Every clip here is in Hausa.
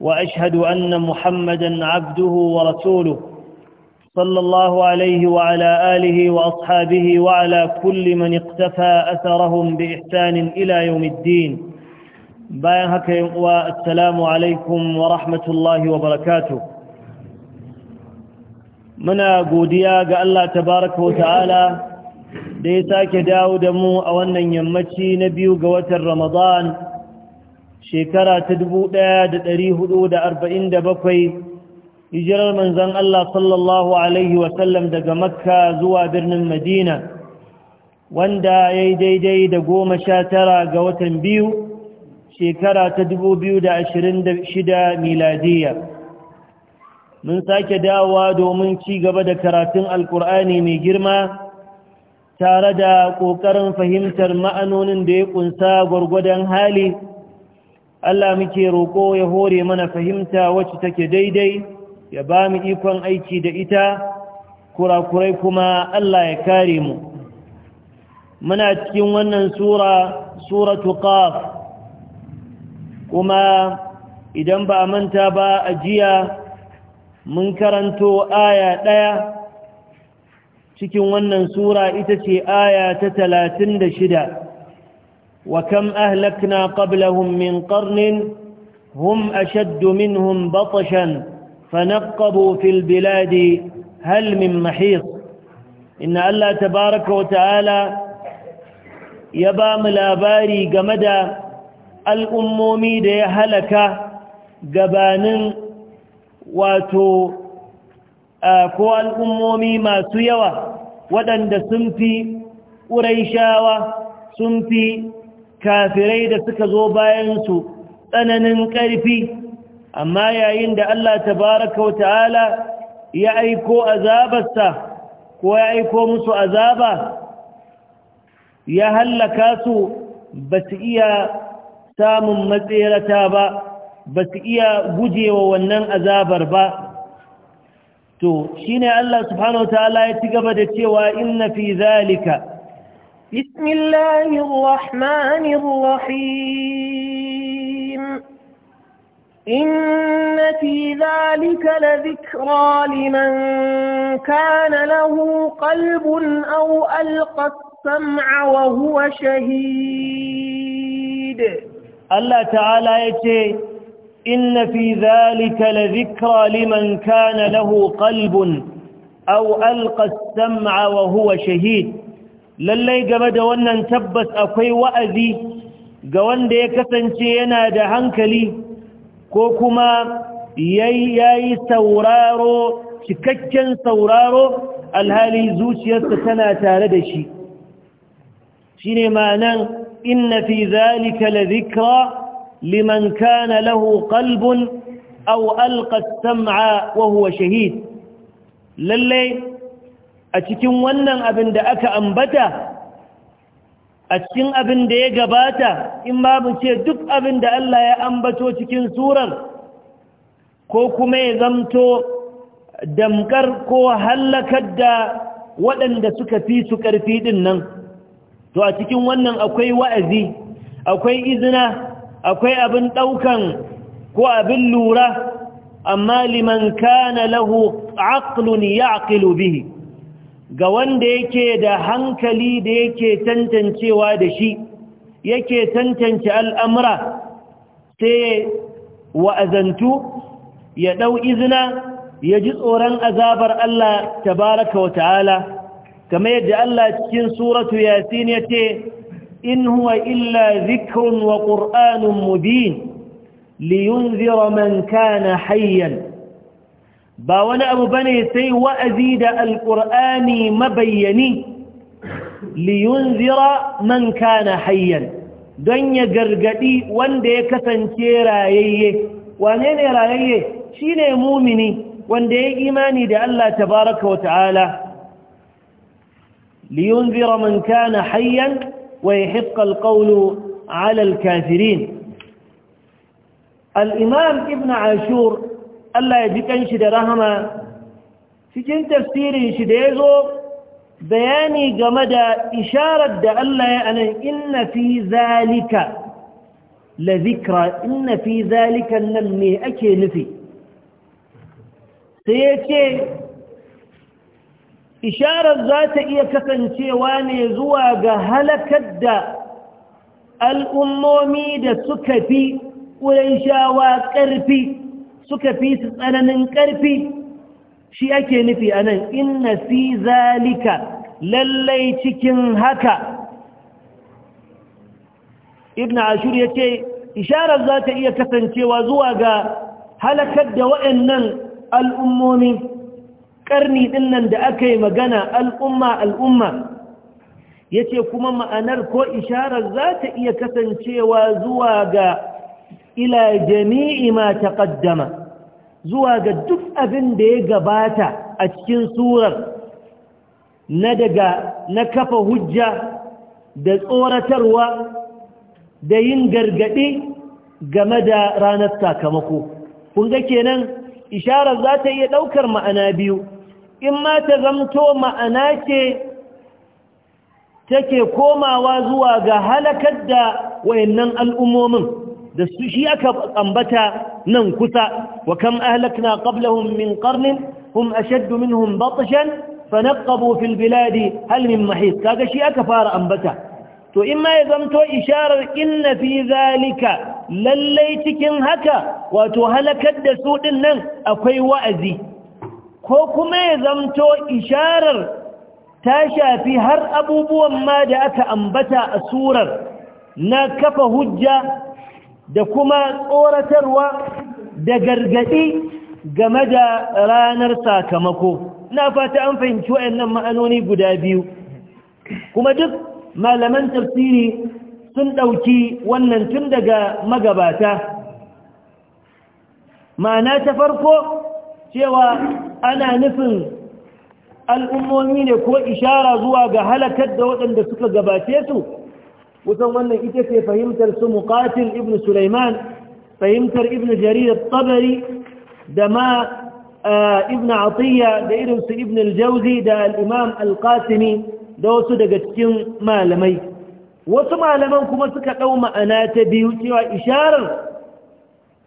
وأشهد أن محمدا عبده ورسوله صلى الله عليه وعلى آله وأصحابه وعلى كل من اقتفى أثرهم بإحسان إلى يوم الدين بايهك والسلام عليكم ورحمة الله وبركاته منا قوديا قال الله تبارك وتعالى da داود مو أولا da mu قوة wannan shekara ta dubu ɗaya da ɗari hudu da arba'in da bakwai hijirar manzan Allah sallallahu Alaihi wasallam daga makka zuwa birnin madina wanda ya yi daidai da goma sha tara ga watan biyu shekara ta dubu biyu da ashirin da shida miladiya mun sake dawowa domin ci gaba da karatun alkur'ani mai girma tare da ƙoƙarin fahimtar ma'anonin da ya ƙunsa gwargwadon hali Allah muke roƙo ya hore mana fahimta wacce take daidai ya ba mu ikon aiki da ita kurakurai kuma Allah ya kare mu muna cikin wannan sura suratu qaf kuma idan ba a manta ba a jiya mun karanto aya ɗaya cikin wannan sura ita ce aya ta talatin da shida وكم أهلكنا قبلهم من قرن هم أشد منهم بطشا فنقبوا في البلاد هل من محيط إن الله تبارك وتعالى يبام الآباري قمدا الأمومي دي هلك قبان واتو كوى الأمومي ما سيوى ودند سنفي قريشاوى سنفي kafirai da suka zo bayansu tsananin ƙarfi amma yayin da Allah tabaraka wa ta'ala ya aiko azabarsa ko ya aiko musu azaba ya hallaka su ba su iya samun matserata ba ba su iya gujewa wannan azabar ba to shine Allah subhanahu wa ta'ala ya ci gaba da cewa inna fi zalika بسم الله الرحمن الرحيم إن في ذلك لذكرى لمن كان له قلب أو ألقى السمع وهو شهيد الله تعالى يتي إن في ذلك لذكرى لمن كان له قلب أو ألقى السمع وهو شهيد lallai game da wannan tabbas akwai wa'azi ga wanda ya kasance yana da hankali ko kuma yayi sauraro cikakken sauraro alhali zuciyarsa tana tare da shi shine ma'anan inna fi zalika la dhikra liman kana lahu qalbun aw alqa as-sam'a wa huwa shahid lallai a cikin wannan abin da aka ambata a cikin abin da ya gabata in babu ce duk abin da Allah ya ambato cikin surar ko kuma ya zamto damkar ko hallakar da waɗanda suka fi su ƙarfi ɗin nan to a cikin wannan akwai wa'azi akwai izina akwai abin ɗaukan ko abin lura amma liman kana lahu aqlun ya'qilu bihi ga wanda yake da hankali da yake tantancewa da shi yake tantance al'amura sai wa'azantu ya ɗau izina ya ji tsoron azabar Allah tabaraka wa ta'ala kamar yadda Allah cikin suratu yasin ya ce in huwa illa zikrun wa ƙur'anun mubin liyunzira kana hayyan ba wani abu bane sai wa'azi da alqur'ani mabayyani liyunzira man kana hayyan don ya gargadi wanda ya kasance rayayye wane ne rayayye shine mumini wanda ya imani da Allah tabaraka wa ta'ala لينذر من كان حيا ويحق القول على الكافرين الإمام ابن عاشور Allah ya ji kanshi da rahama cikin tafsirin shi da ya zo bayani game da isharar da Allah ya anan inna fi zalika la zikra inna fi zalika nan me ake nufi sai ya ce isharar za ta iya kasancewa ne zuwa ga halakar da al'ummomi da suka fi ƙurai shawa ƙarfi suka fi su tsananin ƙarfi shi ake nufi a nan inna fi zalika lallai cikin haka ibn ashur ya ce isharar za ta iya kasancewa zuwa ga halakar da waɗannan al'ummomi ƙarni ɗin nan da aka yi magana al'umma al'umma ya ce kuma ma'anar ko isharar za ta iya kasancewa zuwa ga ila jami'i ma taqaddama zuwa ga duk abin da ya gabata a cikin surar na daga na kafa hujja da tsoratarwa da yin gargaɗi game da ranar sakamako kun ga kenan isharar za ta iya ɗaukar ma'ana biyu in ma ta zamto ma'ana ce take komawa zuwa ga halakar da wayannan al'ummomin da su shi aka ambata nan kusa wa kam ahlakna qablahum min qarnin hum ashadd minhum batshan fanaqabu fil biladi hal min mahis kaga shi aka fara ambata to in ma ya zamto isharar inna fi zalika lallai cikin haka wato halakar da su din nan akwai wa'azi ko kuma ya zamto isharar ta shafi har abubuwan ma da aka ambata a surar na kafa hujja da kuma tsoratarwa da gargaɗi game da ranar sakamako na fata an fahimci wayannan ma'anoni guda biyu kuma duk malaman tafsiri sun ɗauki wannan tun daga magabata ma'ana ta farko cewa ana nufin al'ummomi ne ko ishara zuwa ga halakar da waɗanda suka gabace su kusan wannan ita ce fahimtar su muqatil ibn sulaiman fahimtar ibn jarir at-tabari da ma ibn atiya da irin su ibn al-jawzi da al-imam al-qasimi da wasu daga cikin malamai wasu malaman kuma suka dau ma'ana ta biyu cewa isharar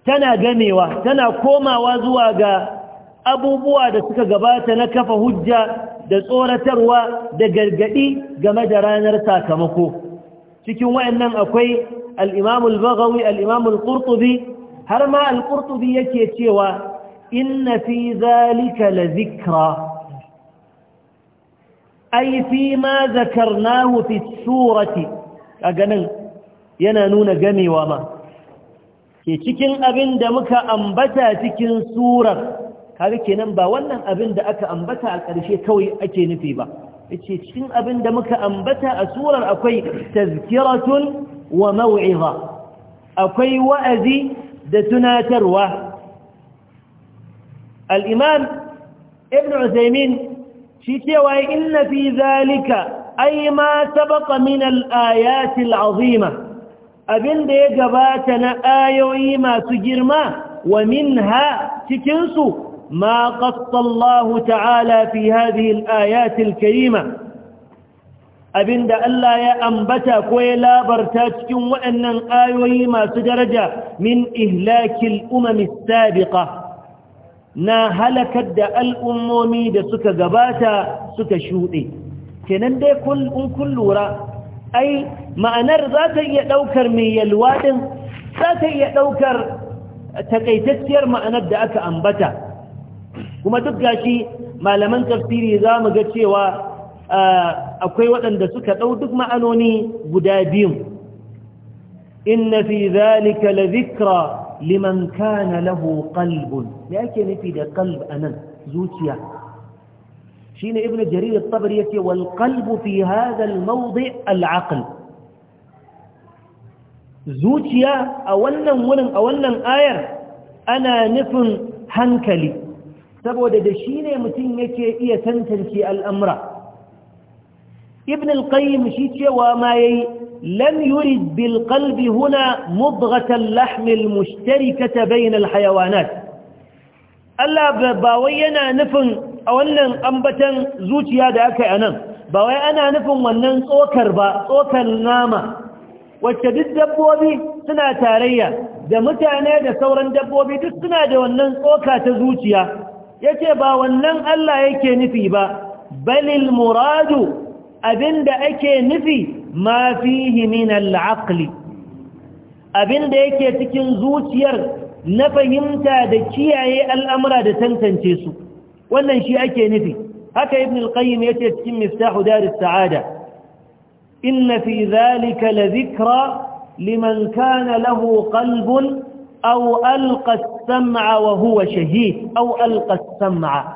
tana gamewa tana komawa zuwa ga abubuwa da suka gabata na kafa hujja da tsoratarwa da gargadi game da ranar sakamako cikin wayannan akwai alimamul imam alimamul baghawi har ma al yake cewa inna fi zalika la zikra ay fi ma zakarnahu fi surati kaganin yana nuna gamewa ma ke cikin abin da muka ambata cikin surar kaga kenan ba wannan abin da aka ambata a ƙarshe kawai ake nufi ba yace cikin abin da muka ambata a surar akwai tazkiratun wa maw'iza akwai wa'azi da tunatarwa al-imam ibn uzaymin shi cewa inna fi zalika ai ma sabaqa min al azima abin da ya gabata na ayoyi masu girma wa minha ha cikinsu. ما قص الله تعالى في هذه الآيات الكريمة أبن دا ألا يأنبتا كويلا cikin وأن آيوي ما daraja من إهلاك الأمم السابقة na halakar da al'ummomi da suka gabata suka shuɗe. kenan dai in kun lura ai ma'anar za ta iya ɗaukar mai yalwa za ta iya ɗaukar takaitacciyar ma'anar da aka ambata kuma duk gashi malaman tafsiri za mu ga cewa akwai waɗanda suka ɗau duk ma'anoni guda biyun inna fi zalika la zikra liman kana lahu qalbun me ake nufi da qalb anan zuciya shine ibnu jarir at-tabari yake wal qalbu fi hadha al-mawdi' al-aql zuciya a wannan wurin a wannan ayar ana nufin hankali saboda da shi ne mutum yake iya tantance al'amura ibn al-qayyim shi cewa ma yayi lam yurid bil kalbi huna mubratan lahmil Mushtari mushtarikata bayanar hayawanat Allah ba wai yana nufin a wannan ambatan zuciya da aka yi anan ba wai ana nufin wannan tsokar ba tsokar nama wacce duk dabbobi suna tarayya da mutane da sauran dabbobi duk suna da wannan tsoka ta zuciya yace ba wannan Allah yake nufi ba balil muradu abinda ake nufi ma fihi min al-aqli abinda yake cikin zuciyar na fahimta da kiyaye al'amura da tantance su wannan shi ake nufi haka ibn al-qayyim yace cikin miftahu darus sa'ada inna fi zalika la dhikra liman kana lahu qalbun أو ألقى السمع وهو شهيد أو ألقى السمع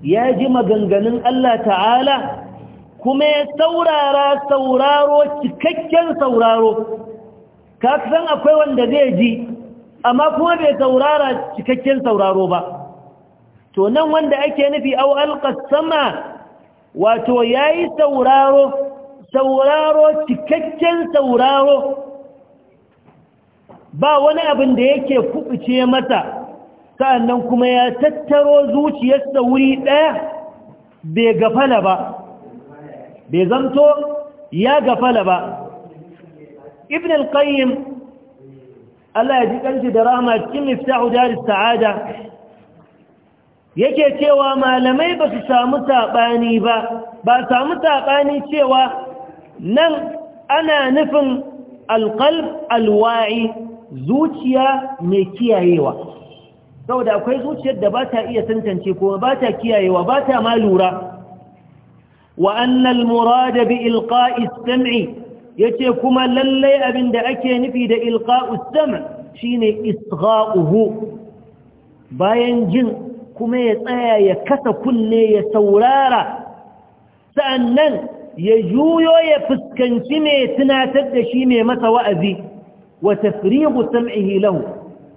ya ji maganganun Allah ta'ala kuma ya saurara sauraro cikakken sauraro kasan akwai wanda zai ji amma kuma bai saurara cikakken sauraro ba to nan wanda ake nufi au alƙas wato ya yi sauraro sauraro cikakken sauraro ba wani abin da yake kubuce mata sa'annan kuma ya tattaro zuciyarsa wuri ɗaya bai gafala ba bai zanto ya gafala ba ibn al-qayyim Allah ya ji kanshi da rahama cikin miftahu daris sa'ada yake cewa malamai ba su samu saɓani ba ba samu saɓani cewa nan ana nufin alƙalb alwa'i zuciya mai kiyayewa da akwai zuciyar da ba ta iya tantance kuma ba ta kiyayewa ba ta ma lura wa annal murada bi ilqa'is sam'i yace kuma lallai abin da ake nufi da Ilqa sam' shine isgha'uhu bayan jin kuma ya tsaya ya kasa kunne ya saurara sa'annan ya juyo ya fuskanci mai tunatar da shi mai masa wa'azi wa tafrigu sam'ihi lahu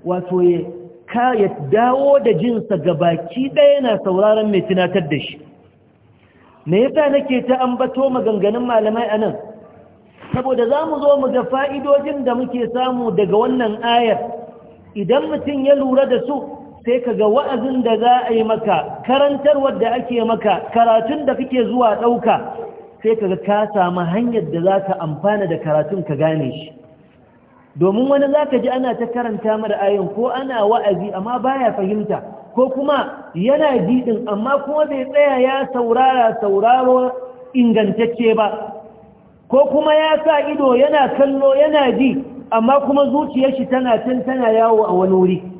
wato ya dawo da jinsa gabaki ɗaya na sauraron mai tunatar da shi me yasa nake ta ambato maganganun malamai anan saboda za mu zo mu ga fa'idojin da muke samu daga wannan ayar idan mutum ya lura da su sai ka ga wa'azin da za a yi maka karantarwar da ake maka karatun da kake zuwa ɗauka sai ka ga ka samu hanyar da za ka amfana da karatun ka gane shi domin wani za ka ji ana ta karanta mara ayin ko ana wa'azi amma baya fahimta ko kuma yana jiɗin amma kuma bai tsaya ya saurara sauraro ingantacce ba ko kuma ya sa ido yana kallo yana ji amma kuma zuciyar shi tana can tana yawo a wani wuri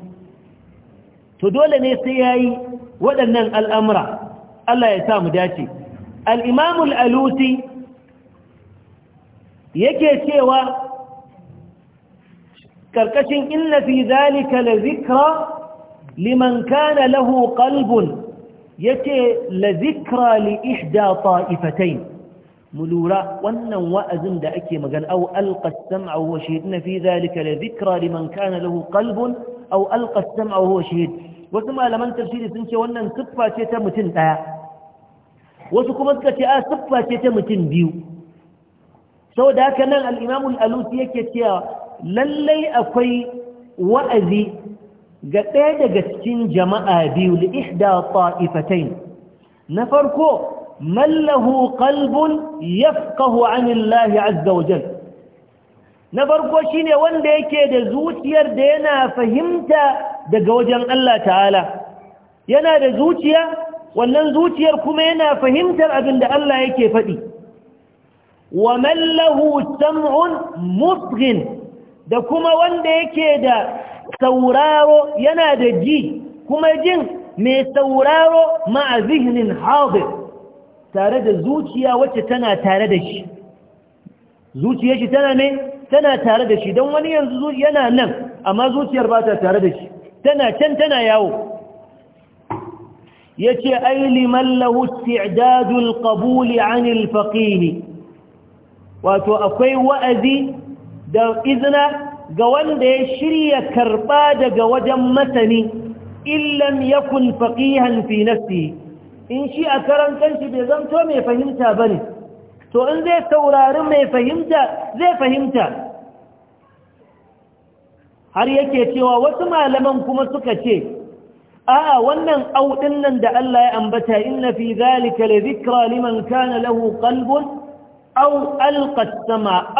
to dole ne sai yayi waɗannan al'amura Allah ya sa mu dace alimamul aluti yake cewa ƙarƙashin inna fi zalika la zikra liman kana lahu qalbun yace la zikra li ihda ta'ifatayn lura wannan wa'azin da ake magana au alqa as-sam'a wa shahidna fi zalika la zikra liman kana lahu qalbun aw alqa as-sam'a wa huwa shahid wasu malaman tafsiri sun ce wannan siffa ce ta mutum daya wasu kuma suka ce a siffa ce ta mutum biyu saboda haka nan al-imamu al-alusi yake cewa lallai akwai wa'azi ga ɗaya daga cikin jama'a biyu li ihda ta'ifatain na farko man lahu qalbun yafqahu 'an Allah 'azza wa jalla na farko shine wanda yake da zuciyar da yana fahimta daga wajen Allah ta'ala yana da zuciya wannan zuciyar kuma yana fahimtar abin da Allah yake faɗi wa man lahu sam'un musghin da kuma wanda yake da sauraro yana da ji kuma jin mai sauraro ma'a zihnin hadir tare da zuciya wacce tana tare da shi zuciyar shi tana ne tana tare da shi don wani yanzu yana nan amma zuciyar ba ta tare da shi tana can tana yawo ya ce aili mallahu ti'dadul qabuli anil faqini wato akwai wa'azi da izina ga wanda ya shirya karɓa daga wajen masani illan yakun faqihan fi in shi a karantanci bai zanto mai fahimta bane to in zai saurari mai fahimta zai fahimta har yake cewa wasu malaman kuma suka ce a'a wannan auɗin nan da Allah ya ambata inna fi zalika la dhikra liman kana lahu qalbun aw alqa as-sama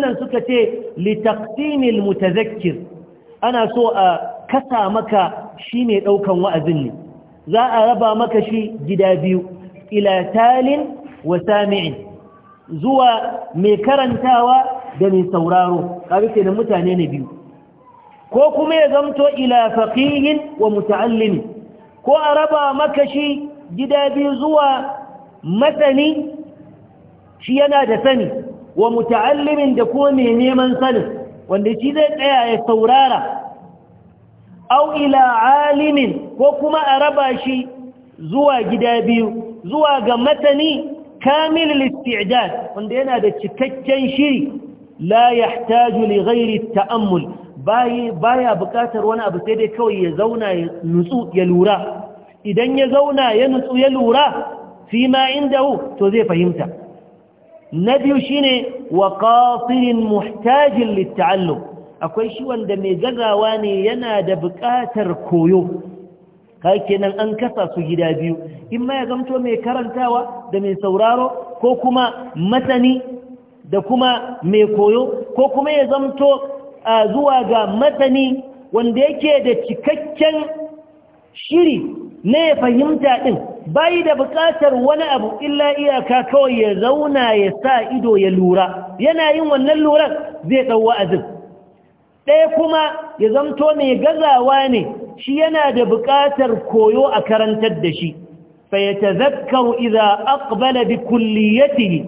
nan suka ce li taqsimil mutazakkir ana so a kasa maka shi mai daukan wa'azin ne za a raba maka shi gida biyu ila talin wa sami'in zuwa mai karantawa da mai sauraro kaga kenan mutane ne biyu ko kuma ya zamto ila faqihin wa muta'allim ko a raba maka shi gida biyu zuwa masani shi yana da sani wa muta'allimin da kuma mai neman sanin wanda shi zai tsaya ya saurara au ila alimin ko kuma a raba shi zuwa gida biyu zuwa ga masani kamil istidad wanda yana da cikakken shiri la yahtaju li ghairi ta'ammul baya bukatar wani abu sai dai kawai ya zauna ya nutsu ya lura idan ya zauna ya nutsu ya lura fi ma inda to zai fahimta na biyu shine wa qasirin muhtajin litta'allum akwai shi wanda mai gazawa ne yana da bukatar koyo kai kenan an kasa su gida biyu in ma ya gamto mai karantawa da mai sauraro ko kuma masani da kuma mai koyo ko kuma ya zamto zuwa ga matani wanda yake da cikakken shiri na ya fahimta ɗin bayi da buƙatar wani abu illa iyaka kawai ya zauna ya sa ido ya lura yana yin wannan lura zai ɗau wa'azin ɗaya kuma ya zamto mai gazawa ne shi yana da buƙatar koyo a karantar da shi fa ya tazakkaru iza aqbala bi kulliyatihi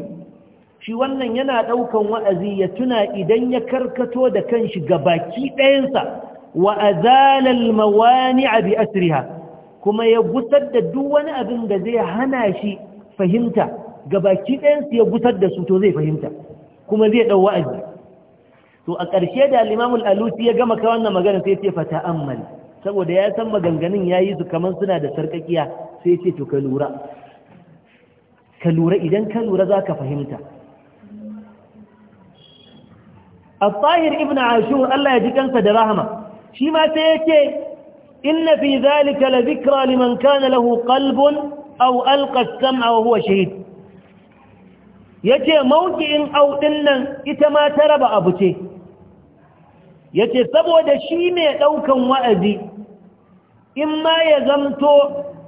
shi wannan yana ɗaukan wa'azi ya tuna idan ya karkato da kanshi ga baki ɗayansa wa azalal mawani abi asriha kuma ya gusar da duk wani abin da zai hana shi fahimta ga baki ɗayansu ya gusar da su to zai fahimta kuma zai ɗau wa'azi to a ƙarshe da limamul alusi ya gama ka wannan magana sai ce fata ammal saboda ya san maganganun ya yi su kamar suna da sarƙaƙiya sai ce to ka lura ka lura idan ka lura za ka fahimta al-tahir ibn ashur Allah ya ji kansa da rahama shi ma sai yake inna fi zalika la dhikra liman kana lahu qalbun aw alqa as-sam'a wa huwa shahid yace mawqi'in aw dinnan ita ma ta raba abu ce yace saboda shi ne ɗaukan wa'azi in ma ya zamto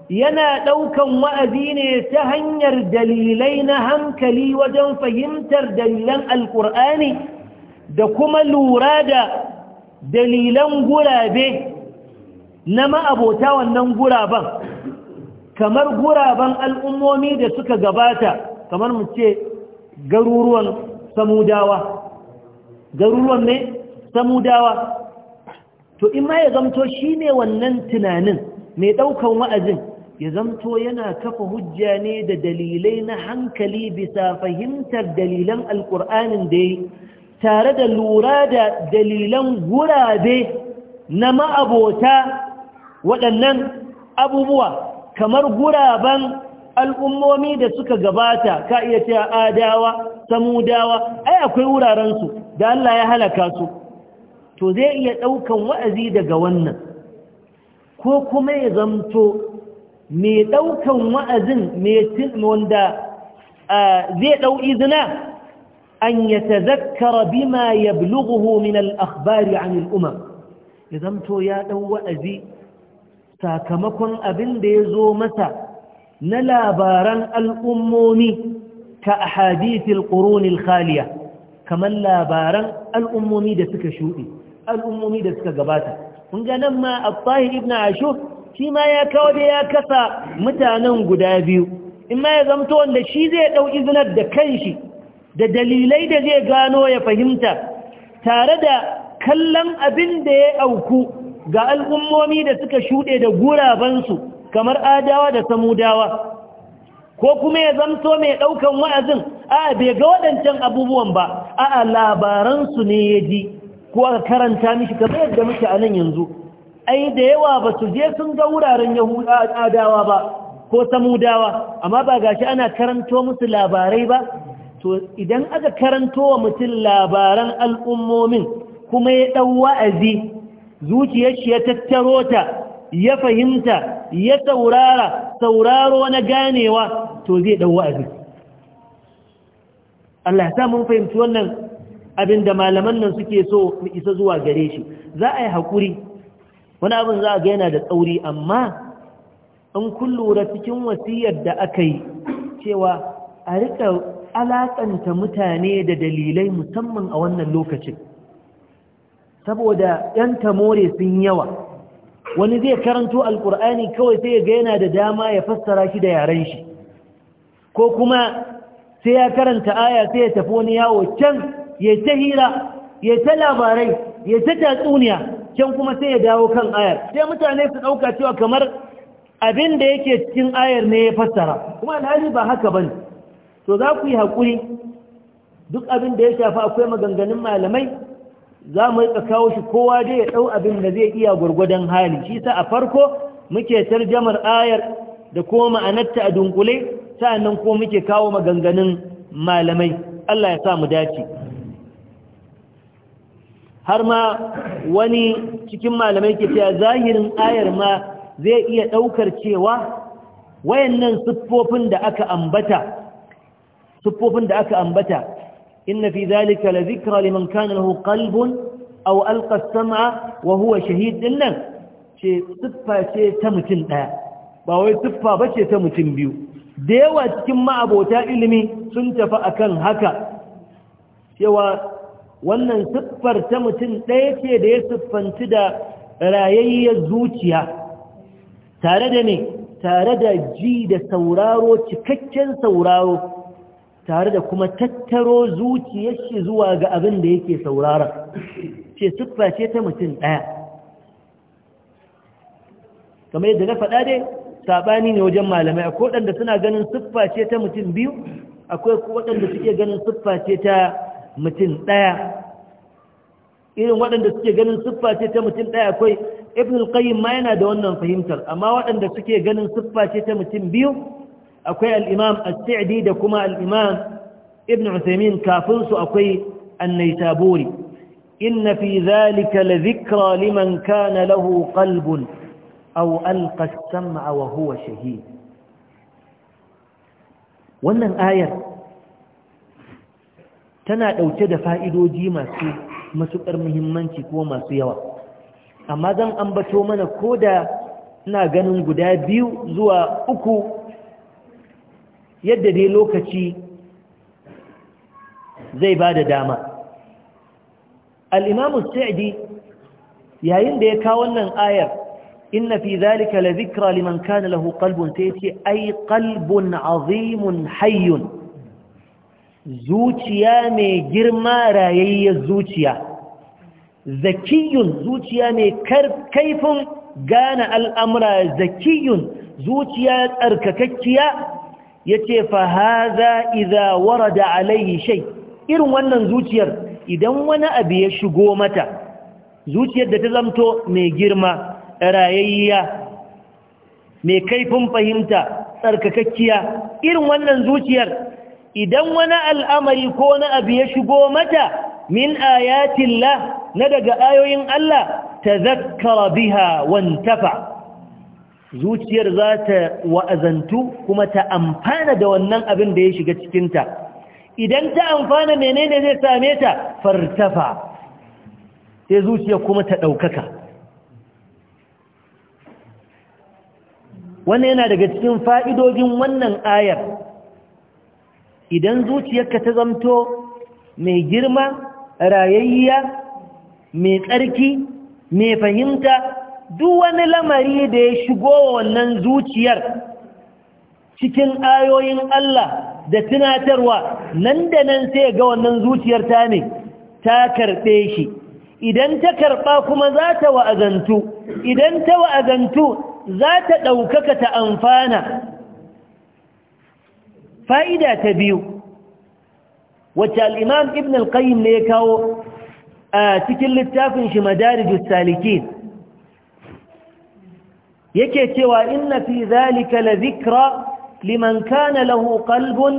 yana ɗaukan wa'azi ne ta hanyar dalilai na hankali wajen fahimtar dalilan alƙur'ani da kuma lura da dalilan gurabe na ma'abota wannan guraben kamar guraben al'ummomi da suka gabata kamar mu ce garuruwan samudawa garuruwan ne samudawa to in ma ya zamto shi ne wannan tunanin mai ɗaukan wa'azin ya zamto yana kafa hujja ne da dalilai na hankali bisa fahimtar dalilan alƙur'anin da ya tare da lura da dalilan gurabe na ma'abota waɗannan abubuwa kamar guraben al'ummomi da suka gabata ka iya cewa adawa samudawa ai akwai wurarensu da Allah ya halaka su to zai iya ɗaukan wa'azi daga wannan ko kuma ya zamto mai ɗaukan wa'azin wanda zai ɗau izina أن يتذكر بما يبلغه من الأخبار عن الأمم إذا ya دو wa'azi sakamakon abin da ya zo masa na labaran al'ummomi ka a hadithin ƙoronil khaliya kamar labaran al'ummomi da suka shuɗe, al'ummomi da suka gabata ƙunganan ma a tsahir ibn ashur shima ya kawo ya kasa mutanen guda biyu in ya zamto wanda shi zai ɗau izinar da kanshi da dalilai da zai gano ya fahimta tare da kallon abin da ya auku ga al'ummomi da suka shuɗe da gurabansu kamar adawa da samudawa ko kuma ya zamto mai ɗaukan wa'azin a bai ga waɗancan abubuwan ba a labaransu ne ya ji ko aka karanta mishi kamar yadda muke a nan yanzu ai da yawa ba su je sun ga wuraren adawa ba ko samudawa amma ba gashi ana karanto musu labarai ba to idan aka karanto wa mutum labaran al'ummomin kuma ya ɗau wa'azi zuciyar shi ya tattaro ta ya fahimta ya saurara sauraro na ganewa to zai ɗau wa'azi Allah ta mun fahimci wannan abin da malaman nan suke so mu isa zuwa gare shi za a yi haƙuri wani abin za a ga yana da tsauri amma in kun lura cikin wasiyar da aka yi cewa a rika alakanta mutane da dalilai musamman a wannan lokacin saboda yan tamore sun yawa wani zai karanto alkur'ani kawai sai ya ga yana da dama ya fassara shi da yaren shi ko kuma sai ya karanta aya sai ya tafi wani yawo can ya ta hira ya ta labarai ya ta tatsuniya can kuma sai ya dawo kan ayar sai mutane su ɗauka cewa kamar abin da yake cikin ayar ne ya fassara kuma alhaji ba haka bane to za ku yi hakuri, duk abin da ya shafi akwai maganganun malamai za mu rika kawo shi kowa dai ya ɗau abin da zai iya gwargwadon hali shi sa a farko muke tarjamar ayar da kuma ma'anarta a dunkule sa'annan ko muke kawo maganganun malamai Allah ya sa mu dace har ma wani cikin malamai ke cewa zahirin ayar ma zai iya ɗaukar cewa wayannan siffofin da aka ambata Tuffofin da aka ambata inna fi zalika la zikra liman kana lahu qalbun aw alqa as-sam'a wa huwa shahid dinnan ce siffa ce ta mutum daya ba wai siffa bace ta mutum biyu da yawa cikin ma'abota ilimi sun tafi akan haka cewa wannan siffar ta mutum ɗaya ce da ya siffanci da rayayyar zuciya tare da ne tare da ji da sauraro cikakken sauraro tare da kuma tattaro zuciyar shi zuwa ga abin da yake saurara ce siffa ce ta mutum ɗaya kamar yadda na faɗa dai saɓani ne wajen malamai akwai waɗanda suna ganin siffa ce ta mutum biyu akwai waɗanda suke ganin siffa ce ta mutum ɗaya irin waɗanda suke ganin siffa ce ta mutum ɗaya akwai ibn al-qayyim ma yana da wannan fahimtar amma waɗanda suke ganin siffa ce ta mutum biyu akwai al'imam al da kuma al'imam ibn usaimin kafin su akwai annaitaburi inna fi zalika la zikra liman kana lahu qalbun aw alqa as-sam'a wa huwa shahid wannan ayar tana dauke da fa'idoji masu matuƙar muhimmanci ko masu yawa amma zan ambato mana koda ina ganin guda biyu zuwa uku yadda dai lokaci zai ba da dama al'imamu sa'adi yayin da ya kawo wannan ayar inna fi zalika la zikra liman kana lahu qalbun ta yace ai qalbun azimun hayyun zuciya mai girma rayayyar zuciya zakiyun zuciya mai kaifin gane al'amura zakiyun zuciya tsarkakakkiya ce fa hadha idza da alayhi shai irin wannan zuciyar idan wani abu ya shigo mata zuciyar da ta zamto mai girma rayayya mai kaifin fahimta tsarkakakkiya irin wannan zuciyar idan wani al'amari ko wani abu ya shigo mata min ayatillah na daga ayoyin Allah ta zakkara biha wantafa zuciyar za ta wa'azantu kuma ta amfana da wannan abin da ya shiga cikinta idan ta amfana menene zai same ta fartafa sai zuciyar kuma ta ɗaukaka wannan yana daga cikin fa'idojin wannan ayar idan zuciyarka ta zamto mai girma rayayya mai tsarki mai fahimta duk wani lamari da ya shigo wa wannan zuciyar cikin ayoyin Allah da tunatarwa nan da nan sai ga wannan zuciyar ta ne ta karɓe shi idan ta karɓa kuma za ta wa'azantu idan ta wa'azantu za ta ɗaukaka ta amfana fa'ida ta biyu wacce al'imam ibn al-qayyim ne ya kawo a cikin littafin shi madarijus salikin yake cewa inna fi zalika la dhikra liman kana lahu qalbun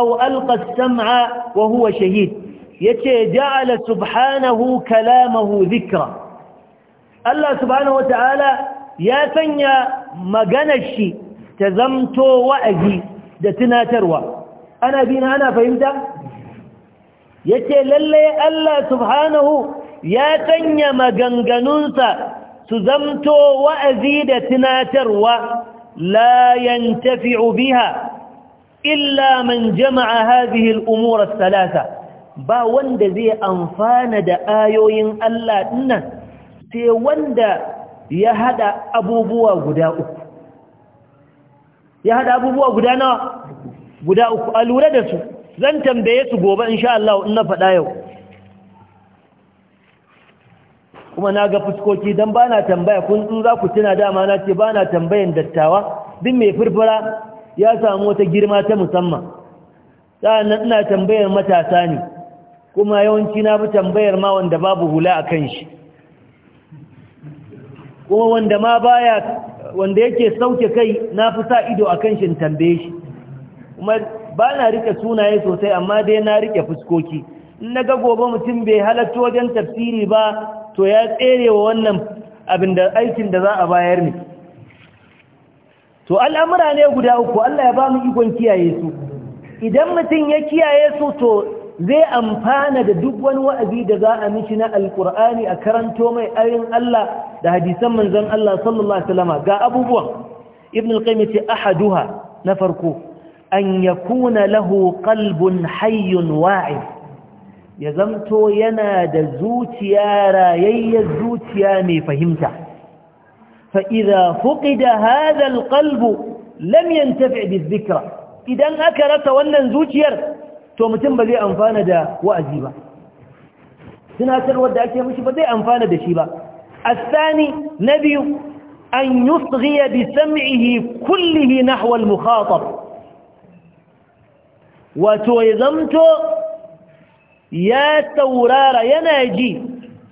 aw alqa as-sam'a wa huwa shahid yace ja'ala subhanahu kalamahu dhikra Allah subhanahu ta'ala ya sanya maganar shi ta zamto wa'azi da tunatarwa ana bina ana fahimta yace lalle Allah subhanahu ya sanya maganganunsa su zamto wa'azi da tunatarwa layan yantafi'u biha illa man jama'a hadhihi al-umur ba wanda zai amfana da ayoyin Allah innan, sai wanda ya hada abubuwa guda uku a lura da su zan tambaye su gobe insha Allah in na faɗa yau kuma na ga fuskoki don ba na tambaya kun tsu za ku tuna dama na ce ba na tambayan dattawa duk mai furfura ya samu wata girma ta musamman sa'annan ina tambayar matasa ne kuma yawanci na fi tambayar ma wanda babu hula a kan shi kuma wanda ma baya wanda yake sauke kai na fi sa ido a kan shi tambaye shi kuma ba na rike sunaye sosai amma dai na rike fuskoki in na ga gobe mutum bai halarci wajen tafsiri ba to ya tsere wa wannan abin da aikin da za a bayar ne to al'amura ne guda uku Allah ya ba mu ikon kiyaye su idan mutum ya kiyaye su to zai amfana da duk wani wa'azi da za a mishi na alkur'ani a karanto mai ayin Allah da hadisan manzon Allah sallallahu alaihi wasallam ga abubuwan ibn al-qayyim yace ahaduha na farko an yakuna lahu qalbun hayyun wa'id ya zamto yana da zuciya rayayyar zuciya mai fahimta fa idza fuqida hadha alqalb lam yantafi bizikra idan aka rasa wannan zuciyar to mutum ba zai amfana da wa'azi ba tunatarwar da ake mishi ba zai amfana da shi ba الثاني نبي أن يصغي بسمعه كله نحو المخاطب وتوزمت ya saurara yana ji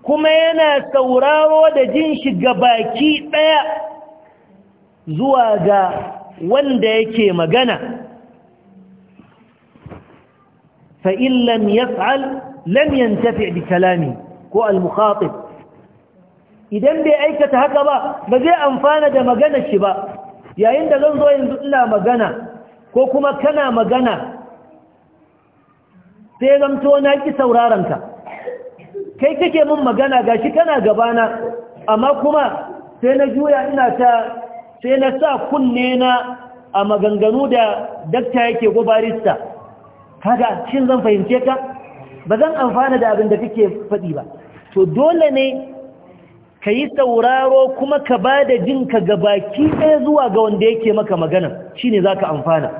kuma yana sauraro da jin shi baki ɗaya zuwa ga wanda yake magana fa'in lam yaf'al lam yantafi bi kalami ko al-mukhatib idan bai aikata haka ba ba zai amfana da maganar shi ba yayin da zan zo yanzu ina magana ko kuma kana magana sai gamto na ki sauraron ka kai kake mun magana gashi kana gabana amma kuma sai na juya ina ta sai na sa kunne na a maganganu da dakta yake gubarista kaga shin zan fahimce ka ba zan amfana da abin da kake faɗi ba to dole ne ka yi sauraro kuma ka ba da ka ga baki ɗaya zuwa ga wanda yake maka magana shine za ka amfana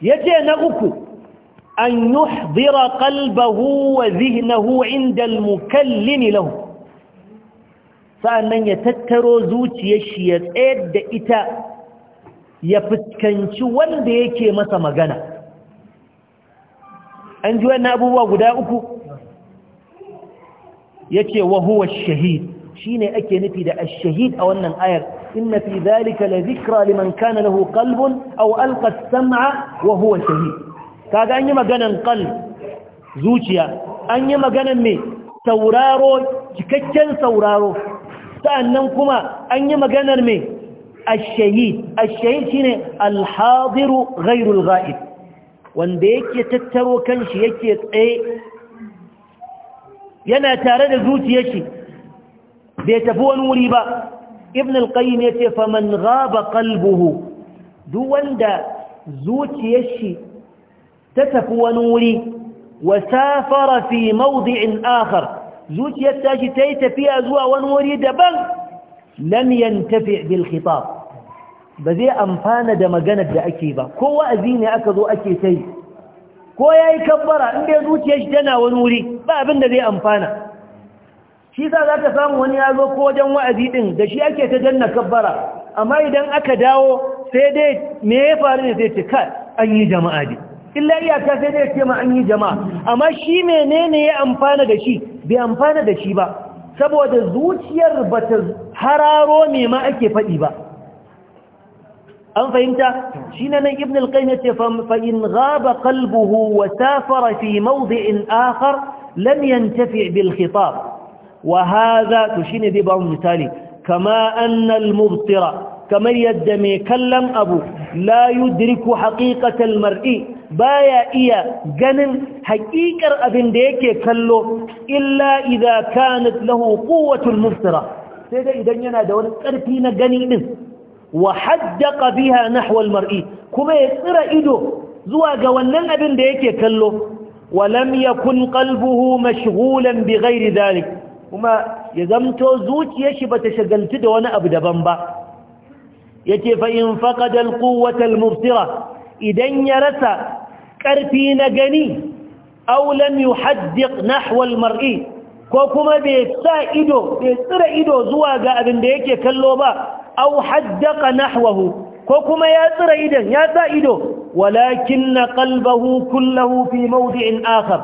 ya ce na uku أن يحضر قلبه وذهنه عند المكلم له فأنا يتترو زوتي الشيط إيد إتا يفتكنش والديك مصمغنا أنجو أن أبو وغداؤك يتي وهو الشهيد شين أكي نفيد الشهيد أو أن الآية إن في ذلك لذكرى لمن كان له قلب أو ألقى السمع وهو شهيد kaga an yi maganan kal zuciya an yi maganan mai sauraro cikakken sauraro sa'annan kuma an yi maganar mai ashayid ashayid shine alhaziru ghairul ghaib wanda yake tattaro kanshi yake tsaye yana tare da zuciya shi bai tafi wani wuri ba ibn al yace faman ghaba qalbuhu duk wanda zuciyar shi ta tafi wani wuri wa safara fi mawdi'in akhar zuciyar ta shi tayi tafiya zuwa wani wuri daban lam yantafi bil khitab ba zai amfana da maganar da ake ba ko wa'azi ne aka zo ake tayi ko yayi kabbara in dai zuciyar shi tana wani wuri ba abin da zai amfana shi sa zaka samu wani ya zo ko wajen wa'azi din da shi ake ta danna kabbara amma idan aka dawo sai dai me ya faru ne sai ce kai an yi jama'a dai illa iyaka sai dai ce ma an yi jama'a amma shi menene ya amfana da shi bai amfana da shi ba saboda zuciyar bata hararo me ma ake faɗi ba an fahimta shi ne nan ibn al-qayyim yace fa in ghaba qalbuhu wa safara fi mawdi'in akhar lam yantafi bil khitab wa hadha tushini bi ba'd misali kama anna al-mubtira kamar yadda mai kallon abu la yudriku haqiqatal mar'i baya iya ganin haƙiƙar abin da yake kallo illa idza kanat lahu quwwatul mubsira sai da idan yana da wani ƙarfi na gani din wa haddaqa biha nahwa al-mar'i kuma ya tsira ido zuwa ga wannan abin da yake kallo ولم يكن قلبه مشغولا بغير ذلك kuma ya zamto zuciyar shi bata shagaltu da wani abu daban ba yake fa in faqada alquwwata almubtira idan ya rasa ƙarfi na gani aulam yi haddik nahwal mar'i ko kuma bai sa ido bai tsira ido zuwa ga abin da yake kallo ba au haddaka nahwahu ko kuma ya tsira idon ya sa ido walakin na kalbahu kullahu fi maudi'in akhar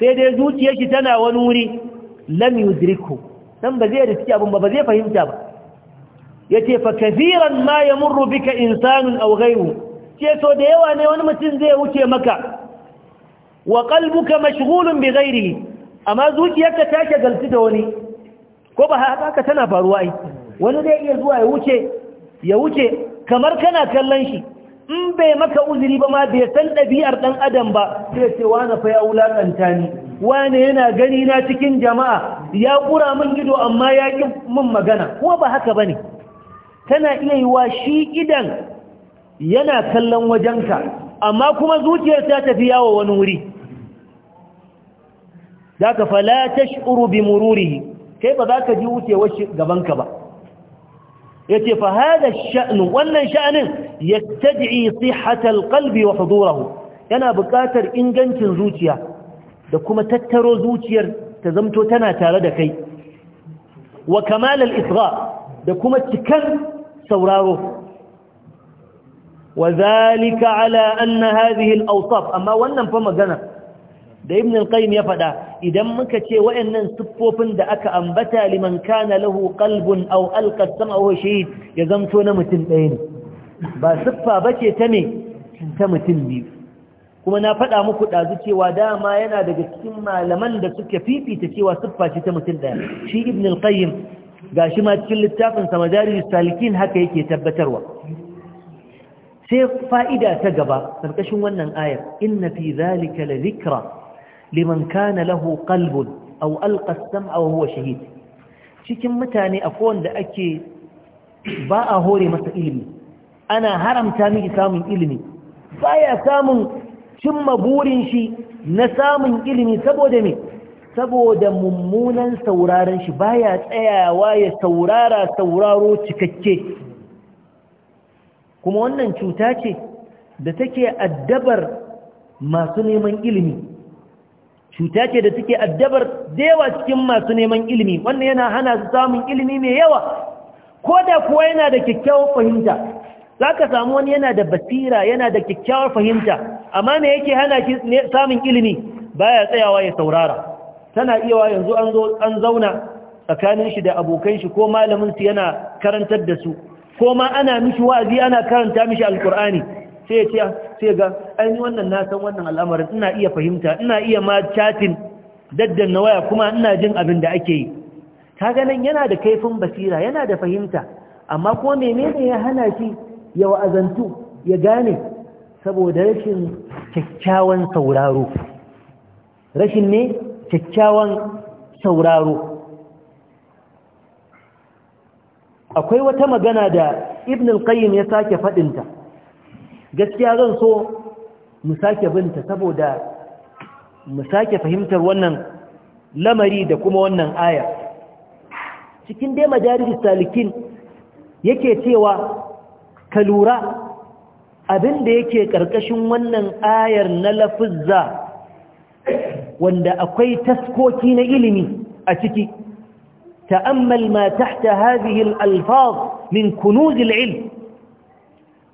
sai dai zuciyar shi tana wani wuri lam yudriku dan ba zai riski abin ba ba zai fahimta ba yace fa kathiran ma yamurru bika insanun aw ghayruhu ce so da yawa ne wani mutum zai wuce maka wa kalbuka mashghulun bi ghairi amma zuciyarka ta shagaltu da wani ko ba haka tana faruwa ai wani zai iya zuwa ya wuce ya wuce kamar kana kallon shi in bai maka uzuri ba ma bai san ɗabi'ar ɗan adam ba sai ce wani fa ya wulaƙanta ni wani yana gani na cikin jama'a ya ƙura min gido amma ya ƙi min magana kuma ba haka bane ne tana iya yi wa shi idan yana kallon wajenka amma kuma zuciyar ta tafi yawo wani wuri daga fala tashuru bi mururihi kai ba za ka ji wucewar gabanka ba yace fa hada sha'nu wannan sha'anin yastad'i sihhatal qalbi wa hudurahu yana buƙatar ingancin zuciya da kuma tattaro zuciyar ta zamto tana tare da kai wa kamal isra da kuma cikar sauraro وذلك على أن هذه الأوصاف أما ونن فما da ibn al-qayyim ya fada idan muka ce wayannan siffofin da aka ambata liman kana lahu qalbun aw alqa sam'ahu shahid ya zamto na mutum ɗaya ne ba siffa bace ta ne ta mutum biyu kuma na fada muku dazu cewa dama yana daga cikin malaman da suke fifita cewa siffa ce ta mutum ɗaya shi ibn al-qayyim gashi ma cikin littafin sa madarij salikin haka yake tabbatarwa sai fa'ida ta gaba ƙarƙashin wannan ayar inna fi zalika la zikra liman kana lahu qalbun aw alqa as-sam'a wa huwa shahid cikin mutane akwai wanda ake ba a hore masa ilimi ana haramta miki samun ilimi baya samun cimma burin shi na samun ilimi saboda me saboda mummunan sauraron shi baya tsayawa ya saurara sauraro cikakke kuma wannan cuta ce da take addabar masu neman ilimi cuta ce da take addabar yawa cikin masu neman ilimi wannan yana hana su samun ilimi mai yawa ko da kuwa yana da kyakkyawar fahimta za ka samu wani yana da basira yana da kyakkyawar fahimta amma me yake hana shi samun ilimi baya tsayawa ya saurara tana iya yanzu an zauna tsakanin shi da abokan shi ko malamin su yana karantar da su ko ma ana mishi wa'azi ana karanta mishi alkur'ani sai ya ce sai ga an yi wannan na san wannan al'amarin ina iya fahimta ina iya ma chatin daddan na waya kuma ina jin abin da ake yi kaga nan yana da kaifin basira yana da fahimta amma ko menene ya hana shi ya wa'azantu ya gane saboda rashin kyakkyawan sauraro rashin ne kyakkyawan sauraro akwai wata magana da ibn al-qayyim ya sake faɗinta gaskiya zan so mu sake binta saboda mu sake fahimtar wannan lamari da kuma wannan aya cikin dai majalis salikin yake cewa ka lura abin da yake ƙarƙashin wannan ayar na lafizza wanda akwai taskoki na ilimi a ciki تأمل ما تحت هذه الألفاظ من كنوز العلم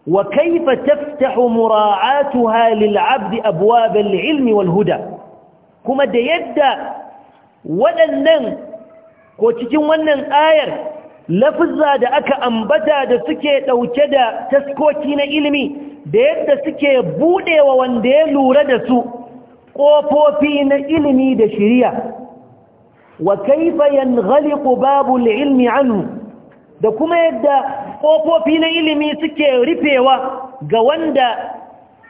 وكيف تفتح مراعاتها للعبد أبواب العلم والهدى كما ديد ولن وتجي ولن آير لفظة أكا أنبتا دسكي توجد تسكوتين علمي ديد سكي بودي ووندي لوردسو قوفو فين علمي دشريا wa kaifa yanghaliqu babul ilmi anhu da kuma yadda kofofi na ilimi suke rufewa ga wanda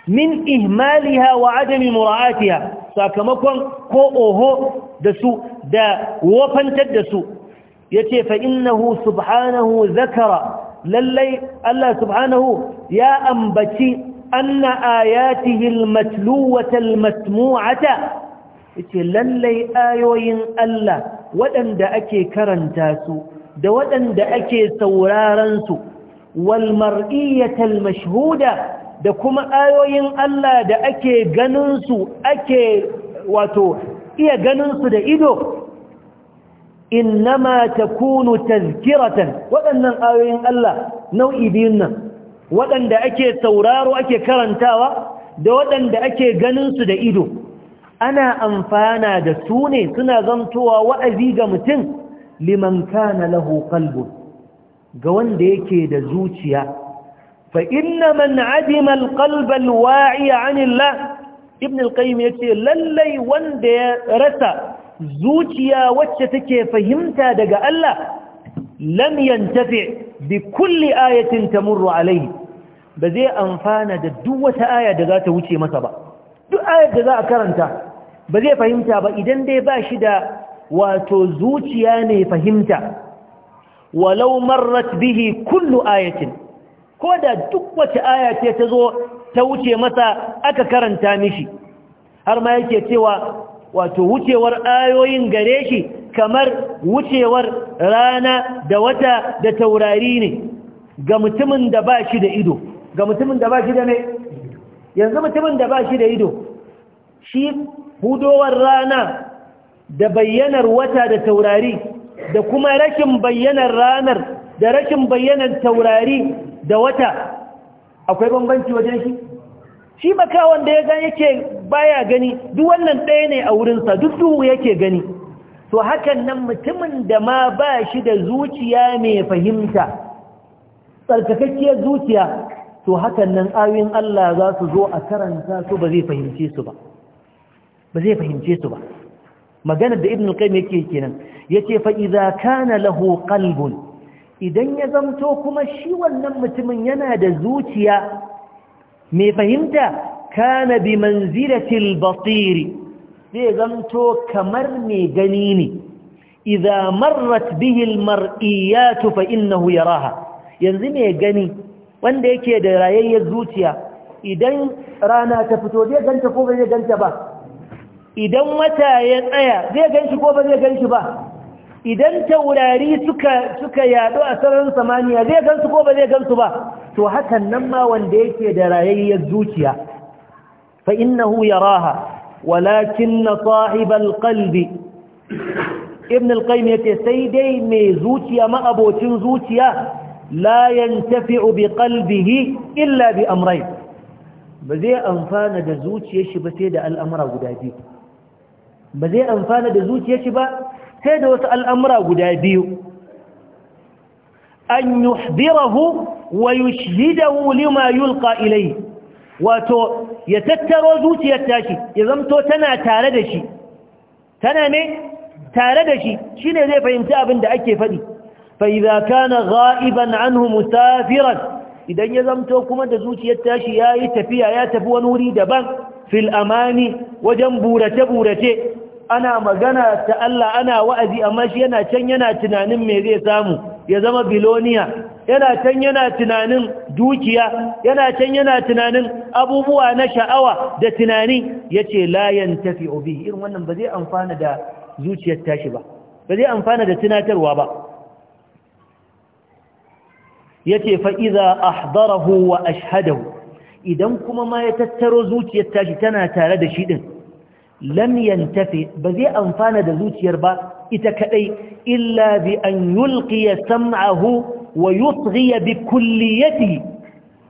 min ihmaliha wa adami mura'atiha sakamakon ko oho da su da wofantar da su yace fa innahu subhanahu zakara lallai Allah subhanahu ya ambaci anna ayatihi almatluwata almasmu'ata yace lallai ayoyin Allah waɗanda ake karanta su da waɗanda ake sauraron su mashhuda da kuma ayoyin Allah da ake ganin su ake wato iya ganin su da ido innama takunu tazkiratan waɗannan ayoyin Allah nau'i biyun nan waɗanda ake sauraro ake karantawa da waɗanda ake ganin su da ido ana amfana da su ne suna zantowa wa'azi ga mutum liman kana lahu qalbun ga wanda yake da zuciya fa inna man adima alqalba alwa'i an Allah ibn yace lallai wanda ya rasa zuciya wacce take fahimta daga Allah lam yantafi bi kulli ayatin tamurru alayhi ba zai amfana da duk wata aya da za ta wuce masa ba duk ayar da za a karanta ba zai fahimta ba idan dai ba shi da wato zuciya ne fahimta walau marrat bihi kullu ayatin ko da duk wace aya ce ta zo ta wuce masa aka karanta mishi har ma yake cewa wato wucewar ayoyin gare shi kamar wucewar rana da wata da taurari ne ga mutumin da ba shi da ido ga mutumin da ba shi da ne yanzu mutumin da ba shi da ido shi hudowar rana da bayyanar wata da taurari da kuma rashin bayyanar ranar da rashin bayyanar taurari da wata akwai bambanci wajen shi shi baka wanda ya gani yake baya gani duk wannan ɗaya ne a wurinsa duk duhu yake gani to hakan nan mutumin da ma ba shi da zuciya mai fahimta tsarkakakkiyar zuciya to hakan nan ayoyin Allah za su zo a karanta su ba zai fahimci su ba ba zai fahimce su ba maganar da ibn al-qayyim yake kenan yace fa idza kana lahu qalbun idan ya zamto kuma shi wannan mutumin yana da zuciya mai fahimta kana bi manzilati al-basir zai zamto kamar mai gani ne idza marrat bihi al-mar'iyat fa innahu yaraha yanzu mai gani wanda yake da rayayyar zuciya idan rana ta fito zai ganta ko bai ganta ba idan wata ya tsaya zai ganshi ko ba zai ganshi ba idan taurari suka suka yado a sararin samaniya zai gansu ko ba zai gansu ba to hakan nan ma wanda yake da rayayyar zuciya fa innahu yaraha walakin sahibal qalbi ibn al-qayyim yace sai dai mai zuciya ma abocin zuciya la yantafi'u bi qalbihi illa bi amrayn ba zai amfana da zuciyar shi ba sai da al'amura guda biyu ba zai amfana da zuciya shi ba sai da wasu al'amura guda biyu an yuhdirahu wa yushhidahu lima yulqa ilai, wato ya tattaro zuciyar tashi ya zamto tana tare da shi tana ne tare da shi shine zai fahimci abin da ake faɗi fa idza kana anhu musafiran idan ya zamto kuma da zuciyar tashi yayi tafiya ya tafi wani wuri daban fil amani wajen burace burace ana magana ta Allah ana wa'azi amma shi yana can yana tunanin me zai samu ya zama biloniya yana can yana tunanin dukiya yana can yana tunanin abubuwa na sha'awa da tunani ce layan yantafi bihi irin wannan ba zai amfana da zuciyar tashi ba ba zai amfana da tunatarwa ba yace fa'iza idza ahdarahu wa ashhadahu idan kuma ma ya tattaro zuciyar tashi tana tare da shi din lam yantafi ba zai amfana da zuciyar ba ita kadai illa bi an yulqiya sam'ahu wa ya bi kulliyati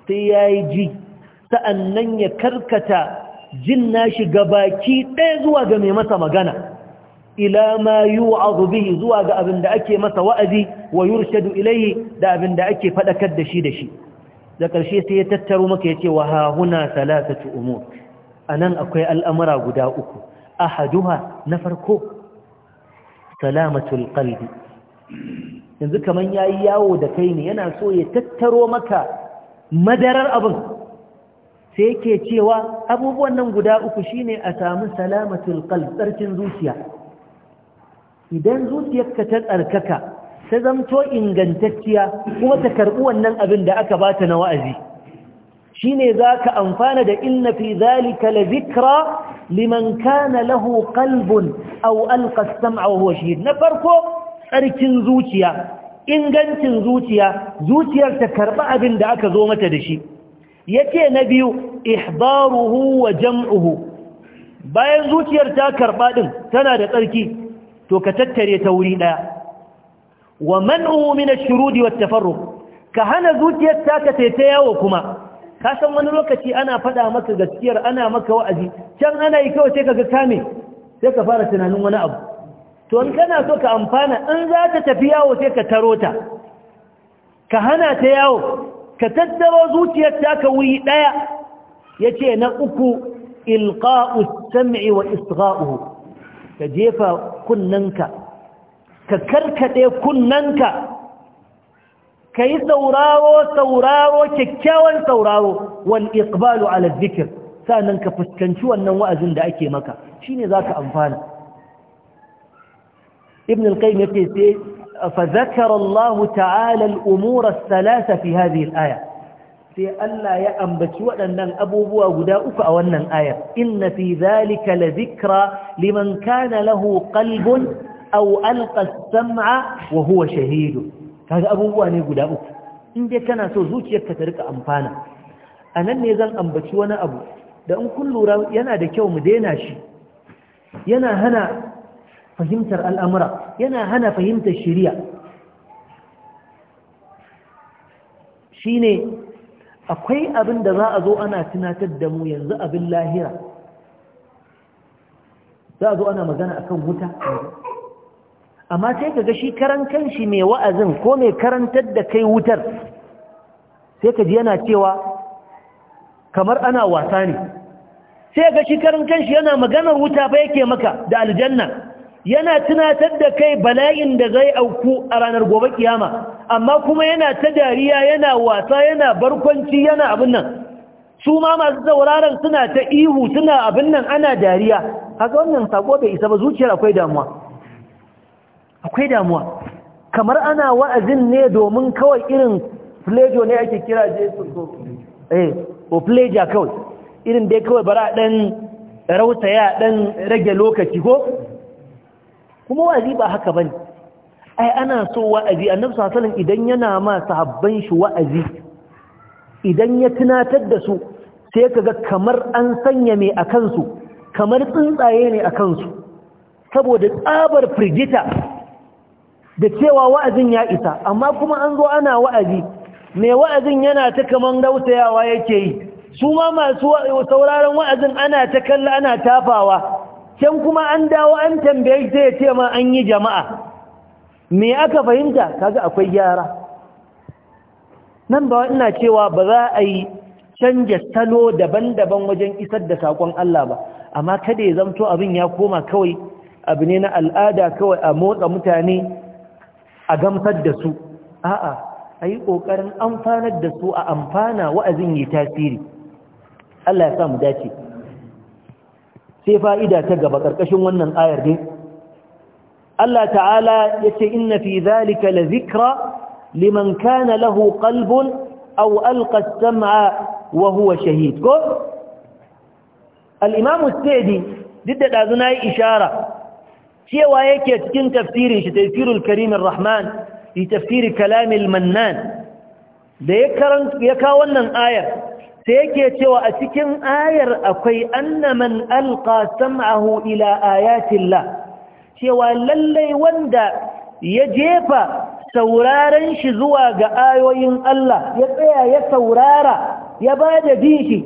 sai yayi ji sa'annan ya karkata jin nashi gabaki ɗaya zuwa ga mai masa magana ila ma yu'adhu bihi zuwa ga abin da ake masa wa'azi wa yurshadu ilayhi da abin da ake fadakar da shi da shi da ƙarshe sai ya tattaro maka yace wa ha huna salasatu umur a nan akwai al'amura guda uku ahaduha na farko salamatul qalbi yanzu ya yayi yawo da kai ne yana so ya tattaro maka madarar abin sai yake cewa abubuwan nan guda uku shine a samu salamatul qalb tsarkin zuciya idan zuciyarka ta tsarkaka ta zamto ingantacciya kuma ta karɓi wannan abin da aka bata na wa'azi shine zaka amfana da inna fi zalika la zikra liman kana lahu qalbun aw alqa as-sam'a wa huwa shahid na farko tsarkin zuciya ingancin zuciya zuciyar ta karba abin da aka zo mata da shi yace na biyu ihbaruhu wa jam'uhu bayan zuciyar ta karba din tana da tsarki to ka tattare ta wuri daya wa man'u min ash wa wat-tafarruq ka hana zuciyar ta ka wa kuma ka san wani lokaci ana faɗa maka gaskiyar ana maka wa'azi can ana yi kawai sai ka ga kame sai ka fara tunanin wani abu to in kana so ka amfana in za ta tafi yawo sai ka taro ta ka hana ta yawo ka tattaro zuciyar taka wuri ɗaya ya ce na uku ilqa'u sam'i wa isgha'uhu ka jefa kunnanka ka karkade kunnanka ka yi sauraro sauraro kyakkyawan sauraro wal iqbalu ala dhikr sannan ka fuskanci wannan wa'azin da ake maka shine zaka amfana ibn al-qayyim yace sai fa zakara Allah ta'ala al-umur ath-thalatha fi hadhihi al-aya sai Allah ya ambaci waɗannan abubuwa guda uku a wannan ayar inna fi dhalika la dhikra liman kana lahu qalbun aw alqa as-sam'a wa huwa shahidun kaga abubuwa ne guda uku in dai kana so zuciyarka ta rika amfana a nan ne zan ambaci wani abu da in kun lura yana da kyau mu daina shi yana hana fahimtar al'amura yana hana fahimtar Shi shine akwai abin da za a zo ana tunatar da mu yanzu abin lahira za a zo ana magana akan wuta amma sai ka gashi karan kanshi mai wa'azin ko mai karantar da kai wutar sai ka ji yana cewa kamar ana wasa ne sai ga shi karan kanshi yana maganar wuta ba yake maka da aljanna yana tunatar da kai bala'in da zai auku a ranar gobe kiyama amma kuma yana ta dariya yana wasa yana barkwanci yana abin nan su ma masu sauraron suna ta ihu suna abin nan ana dariya haka wannan sako bai isa ba zuciyar akwai damuwa akwai damuwa kamar ana wa'azin ne domin kawai irin plejo ne ake kira jesus eh ko kawai irin dai kawai bara dan rautaya dan rage lokaci ko kuma wa'azi ba haka bane ai ana so wa'azi annabi sallallahu alaihi idan yana ma sahabban shi wa'azi idan ya tunatar da su sai kaga kamar an sanya mai akan su kamar tsuntsaye ne akan su saboda tsabar firgita da cewa wa'azin ya isa amma kuma an zo ana wa'azi mai wa'azin yana ta kaman rautayawa yake yi su ma masu sauraron wa'azin ana ta kalla ana tafawa can kuma an dawo an tambaye zai ya ce ma an yi jama'a me aka fahimta kaga akwai gyara nan ba ina cewa ba za a yi canja salo daban-daban wajen isar da sakon Allah ba amma kada ya zamto abin ya koma kawai abu ne na al'ada kawai a motsa mutane a gamsar da su a'a a yi ƙoƙarin amfanar da su a amfana wa'azin yi tasiri Allah ya sa mu dace sai fa'ida ta gaba ƙarƙashin wannan ayar ne Allah ta'ala ya ce inna fi zalika la zikra liman kana lahu qalbun aw alqa as-sam'a wa huwa shahid ko al-imam as-sa'di duk da na yi ishara cewa yake cikin tafsirin shi tafsirul karimin rahman fi tafsiri kalamil mannan da ya kawo wannan ayar sai yake cewa a cikin ayar akwai annaman alqa sam'ahu ila ayatillah cewa lallai wanda ya jefa sauraren shi zuwa ga ayoyin Allah ya tsaya ya saurara ya ba da bishi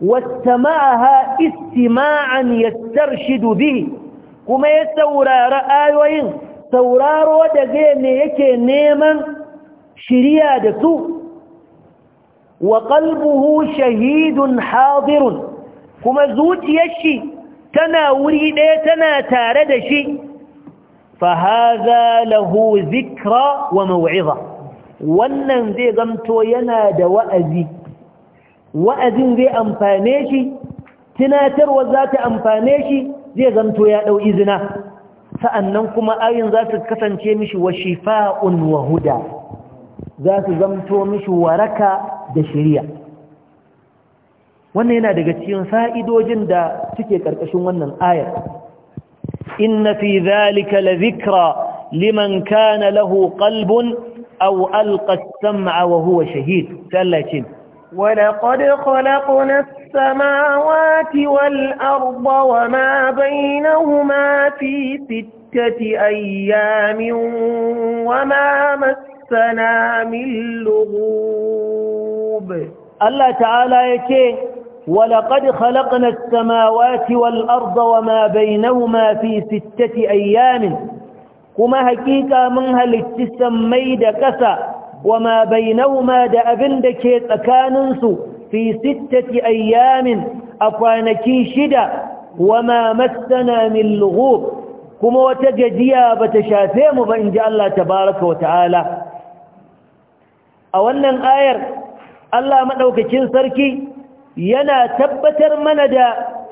wata ma'aha istima'an ya tarshidu bihi kuma ya saurara ayoyin sauraro da zai ne yake neman shirya da su wa qalbuhu shahidun hadirun kuma zuciyar shi tana wuri ɗaya tana tare da shi fa hadha lahu zikra wa Mau'iza. wannan zai gamto yana da wa'azi wa'azin zai amfane shi tunatarwa za ta amfane shi zai zanto ya ɗau izina sa'annan kuma ayin za su kasance mishi wa shifa'un wa huda za su zanto mishi waraka da shirya wannan yana daga cikin fa'idojin da suke ƙarƙashin wannan ayar inna fi zalika la zikra liman kana lahu qalbun aw alqa as-sam'a wa huwa shahid sallatin ولقد السماوات والأرض وما بينهما في ستة أيام وما مسنا من لغوب الله تعالى يكي ولقد خلقنا السماوات والأرض وما بينهما في ستة أيام كما حقيقة منها لتسمي دكسا وما بينهما دأبن دكي تكاننسو fi sittati ayyamin a kwanaki shida wama massana min lughub kuma wata gajiya bata shafe mu ba inji Allah tabaraka wa ta'ala a wannan ayar Allah madaukakin sarki yana tabbatar mana da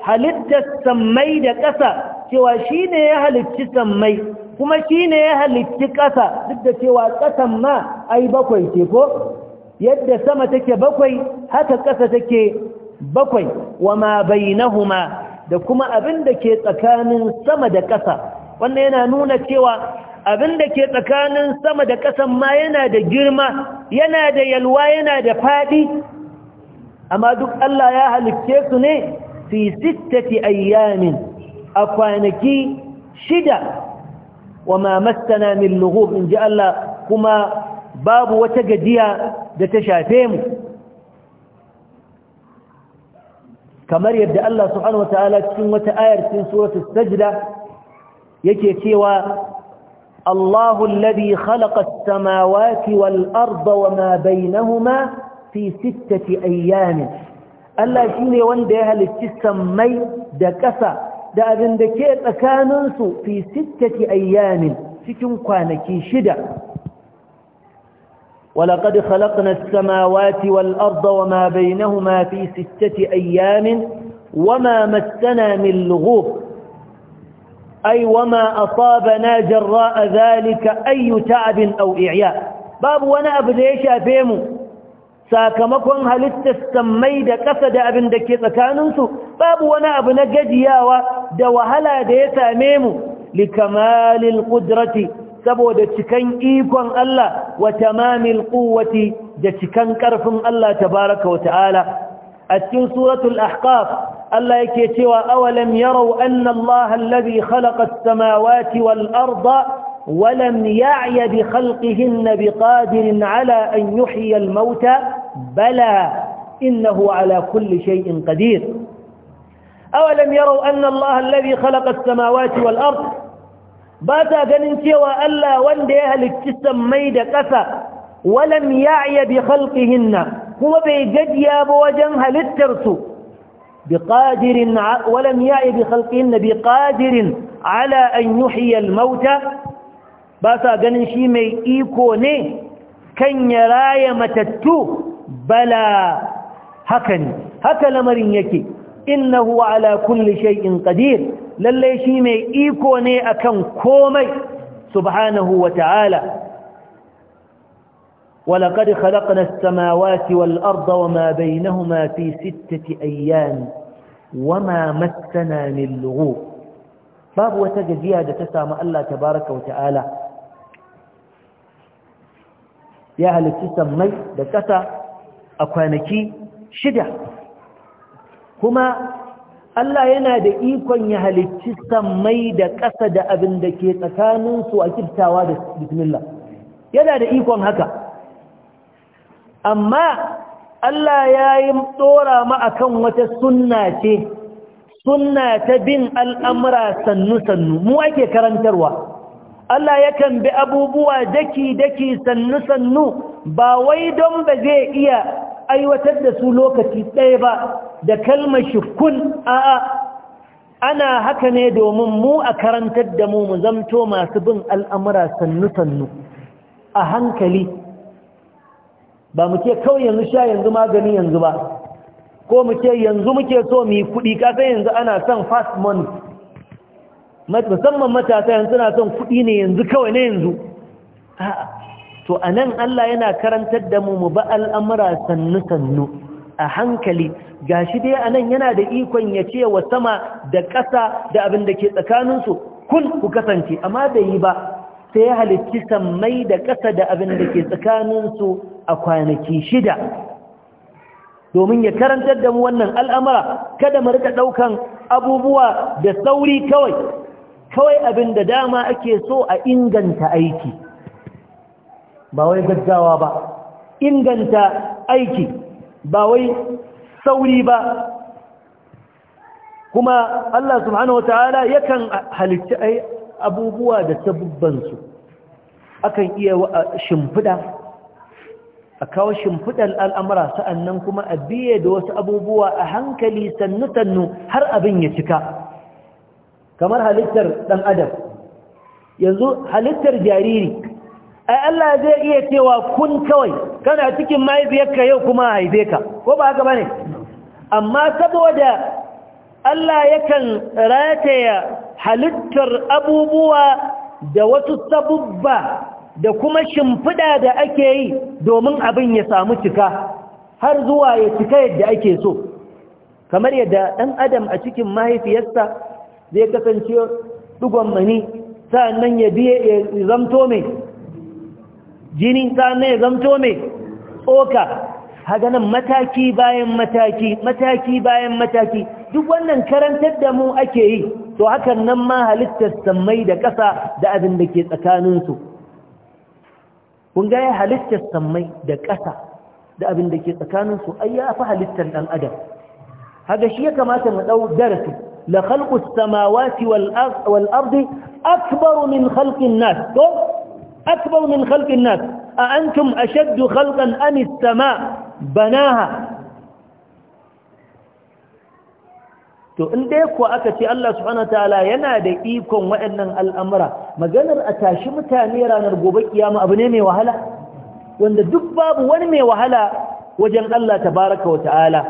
halittar sammai da ƙasa cewa shine ya halicci sammai kuma shine ya halicci ƙasa duk da cewa ƙasan ma ai bakwai ce ko yadda sama take bakwai haka ƙasa take bakwai wa ma bainahuma da kuma abin da ke tsakanin sama da ƙasa wannan yana nuna cewa abin da ke tsakanin sama da ƙasan ma yana da girma yana da yalwa yana da faɗi amma duk Allah ya halicce su ne fi sittati ayyamin a kwanaki shida wa ma mastana min lughub in ji Allah kuma babu wata gajiya da ta shafe mu kamar yadda Allah subhanahu wataala cikin wata ayar cikin suratul sajda yake cewa Allahu alladhi khalaqa as-samawati wal-arda wama bainahuma fi sittati ayyamin Allah shine wanda ya halicci samai da kasa da abin da ke tsakanin su fi sittati ayyamin cikin kwanaki shida ولقد خلقنا السماوات والأرض وما بينهما في ستة أيام وما مسنا من لغوب أي وما أصابنا جراء ذلك أي تعب أو إعياء باب وانا أبديش أفهمه ساكمكم هل استميد كسد أبن دكيت مكاننسو باب وانا أبن قجياوا دوهلا ديسا ميمو لكمال القدرة saboda cikan ikon Allah wa tamamil quwwati da cikan karfin Allah tabaaraka wa ta'ala a cikin suratul ahqaf Allah yake cewa awalam yarau anna Allah alladhi khalaqa as-samawati wal arda wa lam ya'ya bi bi khalqihin qadirin ala an yuhyi al mauta bala innahu ala kulli shay'in qadir awalam قدير anna Allah alladhi khalaqa as-samawati wal arda ba ta ganin cewa Allah wanda ya halicci sammai da ƙasa walam ya'ya bi khalqihinna kuma bai gajiya ba wajen halittar su bi qadirin walam ya'ya bi khalqihinna bi qadirin ala an yuhyi al mauta ba ta ganin shi mai iko ne kan ya raya matattu bala haka ne haka lamarin yake إنه على كل شيء قدير للي shi mai iko ne akan komai ولقد خلقنا السماوات والأرض وما بينهما في ستة أيام وما مسنا من لغوب باب زيادة تسامى الله تبارك وتعالى يا أهل التسمي دكتا أكوانكي شدة kuma Allah yana da ikon ya halicci sammai da ƙasa da abin da ke tsakaninsu a kiftawa da bismillah yana da ikon haka amma Allah ya yi tsora ma a kan wata sunna ce sunna ta bin al'amura sannu-sannu mu ake karantarwa Allah yakan bi abubuwa daki-daki sannu-sannu ba wai don ba zai iya aiwatar da su lokaci ɗaya ba da kalmar shi kun a'a ana haka ne domin mu a karantar da mu mu zamto masu bin al'amura sannu-sannu a hankali ba mu ce kawai yanzu sha yanzu magani yanzu ba ko mu ce yanzu muke so mu yi kuɗi kasa yanzu ana son fast money musamman matasa yanzu suna son kuɗi ne yanzu kawai na yanzu to a nan Allah yana karantar da mu mu ba al'amura sannu-sannu a hankali ga shi dai anan yana da ikon ya ce wa sama da ƙasa da abin da ke tsakaninsu kun ku kasance amma bai yi ba sai ya halicci sammai da ƙasa da abin da ke tsakaninsu a kwanaki shida domin ya karantar da mu wannan al'amura, kada mu rika ɗaukan abubuwa da sauri kawai kawai abin da dama ake so a inganta aiki ba wai gaggawa ba inganta aiki ba wai sauri ba kuma Allah subhanahu ta'ala yakan halitta ai abubuwa da sabubbansu akan iya shimfiɗa a kawo shimfiɗar al'amura sa'annan kuma a biye da wasu abubuwa a hankali sannu-sannu har abin ya cika kamar halittar ɗan adam yanzu halittar jariri ai Allah zai iya cewa kun kawai kana cikin mahaifiyarka yau kuma haife ka ko ba haka bane amma saboda Allah yakan rataya halittar abubuwa da wasu sabubba da kuma shimfiɗa da ake yi domin abin ya samu cika har zuwa ya cika yadda ake so kamar yadda ɗan adam a cikin mahaifiyarsa zai kasance dugon mani sa'annan ya biye ya zamto mai jinin ɗan ya zamto mai tsoka haga nan mataki bayan mataki mataki bayan mataki duk wannan karantar da mu ake yi to hakan nan ma halittar sammai da ƙasa da abin da ke tsakaninsu kun gaya halittar sammai da ƙasa da abin da ke tsakaninsu ai ya fi halittar ɗan adam haga shi ya kamata mu ɗau darasi la khalqus samawati wal ardi akbaru min khalqin nas to أكبر من خلق الناس أأنتم أشد خلقا أم السماء بناها to in dai ko aka ce Allah subhanahu wataala yana da ikon waɗannan al'amura maganar a tashi mutane ranar gobe kiyama abu ne mai wahala wanda duk babu wani mai wahala wajen Allah tabaraka wataala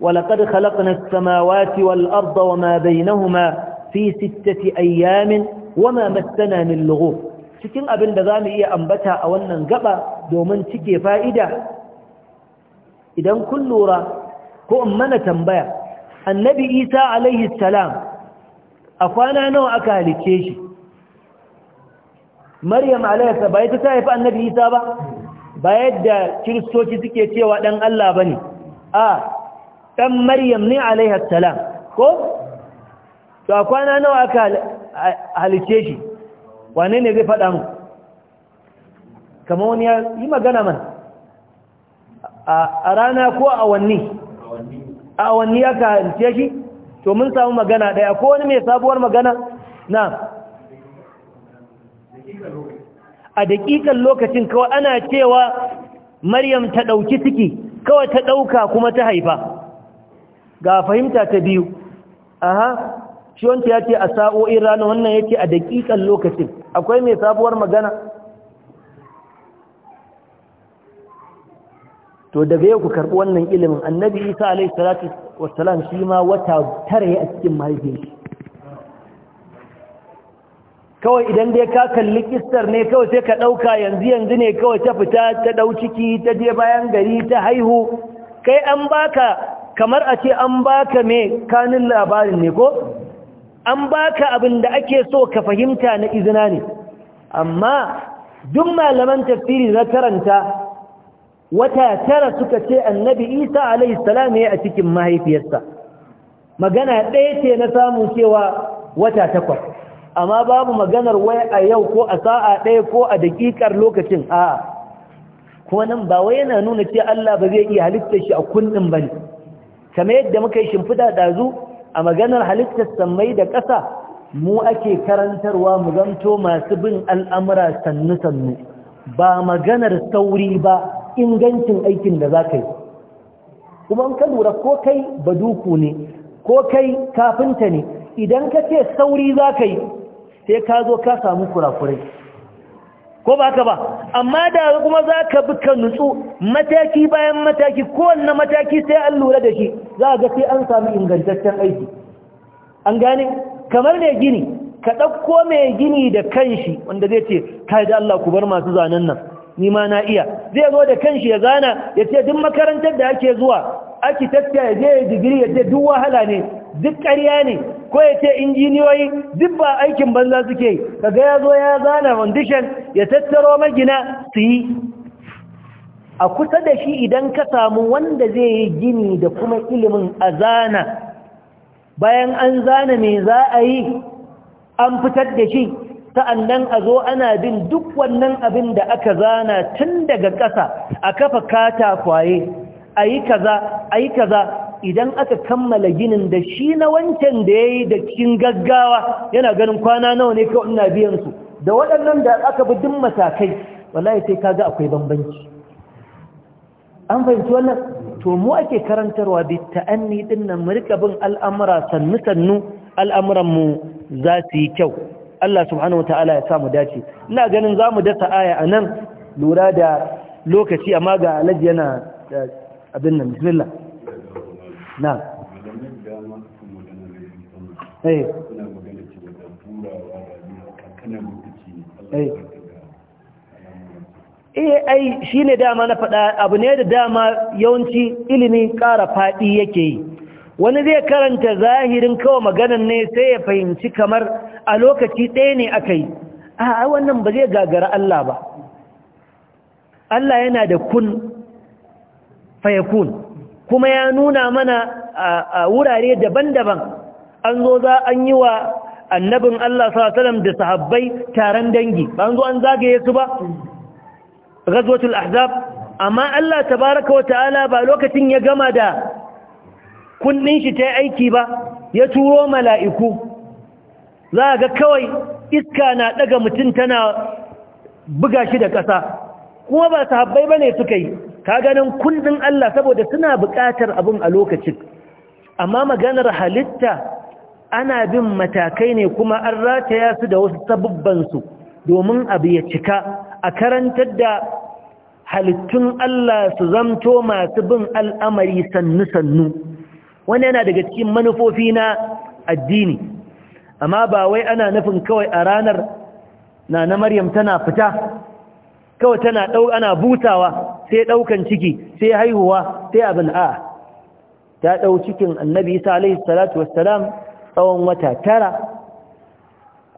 ولقد خلقنا السماوات والأرض وما بينهما fi sittati ayyamin wama massana min lughub cikin abin da zamu iya ambata a wannan gaba domin cike fa'ida idan kun lura ko in mana tambaya annabi Isa alaihi salam a kwana nawa aka halice shi Maryam alaihi salam bai ta haifi annabi Isa ba ba yadda kiristoci suke cewa dan Allah bane a dan Maryam ne alaihi salam ko to a kwana nawa aka halice shi wane ne zai faɗa mu kamar wani yi magana man a rana ko a wanni a wanni ya ka halice shi to mun samu magana ɗaya ko wani mai sabuwar magana na a daƙiƙan lokacin kawai ana cewa maryam ta ɗauki ciki kawai ta ɗauka kuma ta haifa ga fahimta ta biyu aha shi wanda ya ce a sa'o'in rana wannan ya ce a daƙiƙan lokacin akwai mai sabuwar magana to daga yau ku karɓi wannan ilimin annabi isa alaihi salatu shi ma wata tare a cikin mahaifin kawai idan dai ka kalli kistar ne kawai sai ka ɗauka yanzu yanzu ne kawai ta fita ta ɗau ciki ta je bayan gari ta haihu kai an baka kamar a ce an baka mai kanin labarin ne ko an baka abin da ake so ka fahimta na izina ne amma duk malaman tafsiri na karanta wata tara suka ce annabi isa alaihi salam ya a cikin mahaifiyarsa magana ɗaya ce na samu cewa wata takwas amma babu maganar wai a yau ko a sa'a ɗaya ko a daƙiƙar lokacin a kuma nan ba wai yana nuna ce Allah ba zai iya halitta shi a kunne ba ne kamar yadda muka yi shimfiɗa ɗazu a maganar halittar sammai da ƙasa mu ake karantarwa mu zanto masu bin al'amura sannu-sannu ba maganar sauri ba ingancin aikin da za ka yi kuma ka lura ko kai baduku ne ko kai kafinta ne idan ka ce sauri za ka yi sai ka zo ka samu kurakurai ko ba ka ba amma da kuma za ka bi ka nutsu mataki bayan mataki kowanne mataki sai an lura da shi za ga sai an samu ingantaccen aiki an gane kamar mai gini ka ɗauko mai gini da kanshi wanda zai ce yi da Allah ku bar masu zanen nan ni ma na iya zai zo da kanshi ya zana ya ce duk makarantar da ake zuwa tafiya ya je ya digiri ya ce duk wahala ne duk ƙarya ne ko ya ce injiniyoyi duk ba aikin banza suke kaga ya zo ya zana foundation ya tattaro magina su yi a kusa da shi idan ka samu wanda zai yi gini da kuma ilimin a zana bayan an zana me za a yi an fitar da shi sa'annan a zo ana bin duk wannan abin da aka zana tun daga ƙasa a kafa katakwaye a yi kaza a yi kaza idan aka kammala ginin da shi na wancan da ya yi da cikin gaggawa yana ganin kwana nawa ne kawai ina biyan su da waɗannan da aka bi duk matakai wallahi sai kaga akwai bambanci an fahimci wannan to mu ake karantarwa bi ta'anni din nan mu rika bin al'amura sannu sannu al'amuran mu za su yi kyau Allah subhanahu wataala ya sa mu dace ina ganin za mu dasa aya anan lura da lokaci amma ga alaji yana eh, abin nan bismillah shine eh eh. eh ai shi dama na faɗa abu ne da dama yawanci ilimin ƙara faɗi yake yi wani zai karanta zahirin kawai maganan ne sai ya fahimci kamar a lokaci ɗaya ne aka yi a ah, wannan ba zai gagara Allah ba Allah yana da kun fayakun kuma ya nuna mana a wurare daban-daban an zo za an yi wa annabin Allah sallallahu da sahabbai taron dangi ba an zo an zagaye su ba ghazwatul ahzab amma Allah tabaraka wa ta'ala ba lokacin ya gama da kundin shi ta aiki ba ya turo mala'iku za ga kawai iska na daga mutum tana buga shi da ƙasa kuma ba sahabbai bane suka yi ka ganin kundin Allah saboda suna buƙatar abin a lokaci. amma maganar halitta ana bin matakai ne kuma an rataya su da wasu sabubbansu domin abu ya cika a karantar da halittun Allah su zamto masu bin al'amari sannu-sannu wani yana daga cikin manufofi na addini amma ba wai ana nufin kawai a ranar na na maryam tana fita kawai tana ɗau ana butawa sai ɗaukan ciki sai haihuwa sai abin a ta ɗau cikin annabi isa alaihi salatu tsawon wata tara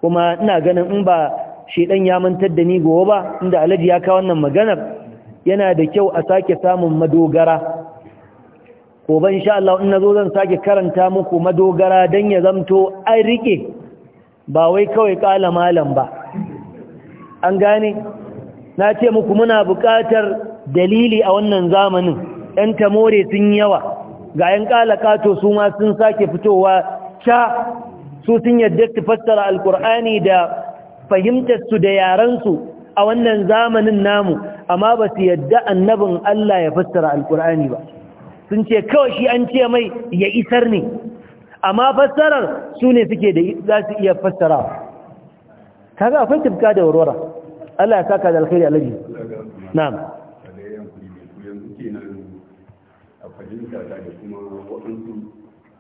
kuma ina ganin in ba shedan ya mantar da ni gobe ba inda alaji ya kawo wannan maganar yana da kyau a sake samun madogara ko ba insha Allah in nazo zan sake karanta muku madogara dan ya zamto ai rike ba wai kawai kala malam ba an gane na ce muku muna buƙatar dalili a wannan zamanin ɗan tamore sun yawa ga yan ƙala-ƙato su ma sun sake fitowa ca su sun yadda su fassara alkur'ani da fahimtarsu da yarensu a wannan zamanin namu amma ba su yadda annabin Allah ya fassara alkur'ani ba sun ce kawai shi an ce mai ya isar ne amma fassarar su ne suke da za su iya fassara ga akwai tafka da warwara Allah ya saka da alkhairi alaji na'am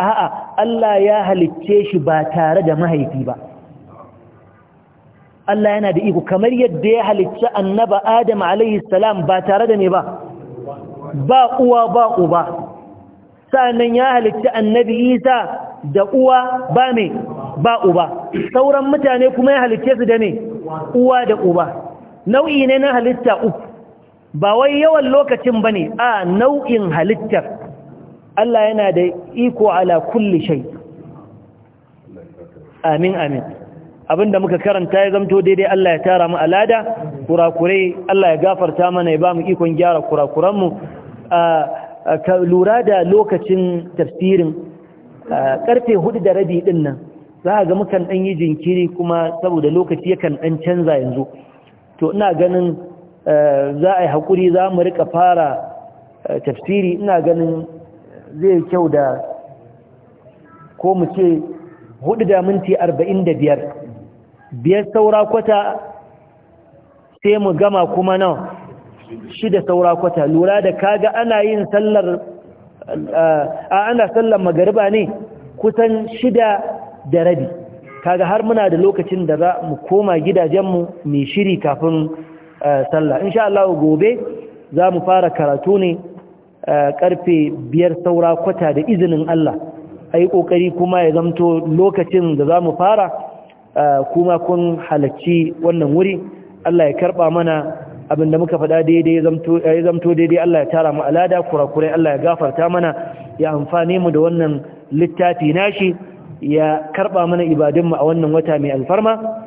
a'a Allah ya halicce shi ba tare da mahaifi ba Allah yana da iko kamar yadda ya halicce annaba Adam alayhi salam ba tare da me ba ba uwa ba uba sannan ya halicce annabi Isa da uwa ba me ba uba sauran mutane kuma ya halicce su da me uwa da uba nau'i ne na halitta uku ba wai yawan lokacin bane a nau'in halittar Allah yana da iko ala kulli shay amin amin abinda muka karanta ya zamto daidai Allah ya tara mu alada kurakurai Allah ya gafarta mana ya ba mu ikon gyara kurakuran mu ka lura da lokacin tafsirin karfe hudu da rabi din nan za ga mukan dan yi jinkiri kuma saboda lokaci yakan dan canza yanzu to ina ganin za a yi hakuri za mu rika fara tafsiri ina ganin zai kyau da ko mu ce hudu da minti arba'in da biyar biyar saura kwata sai mu gama kuma nan shida saura kwata lura da kaga ana yin sallar a ana sallar magariba ne kusan shida da rabi kaga har muna da lokacin da za mu koma gidajenmu mai shiri kafin eh, sallah insha Allah gobe za mu fara karatu ne karfe biyar saura kwata da izinin Allah a yi ƙoƙari kuma ya zamto lokacin da za mu fara kuma kun halarci wannan wuri Allah ya karɓa mana abinda muka faɗa daidai ya zamto daidai Allah ya tara mu alada kurakurai Allah ya gafarta mana ya amfani mu da wannan littafi nashi ya karɓa mana ibadunmu a wannan wata mai alfarma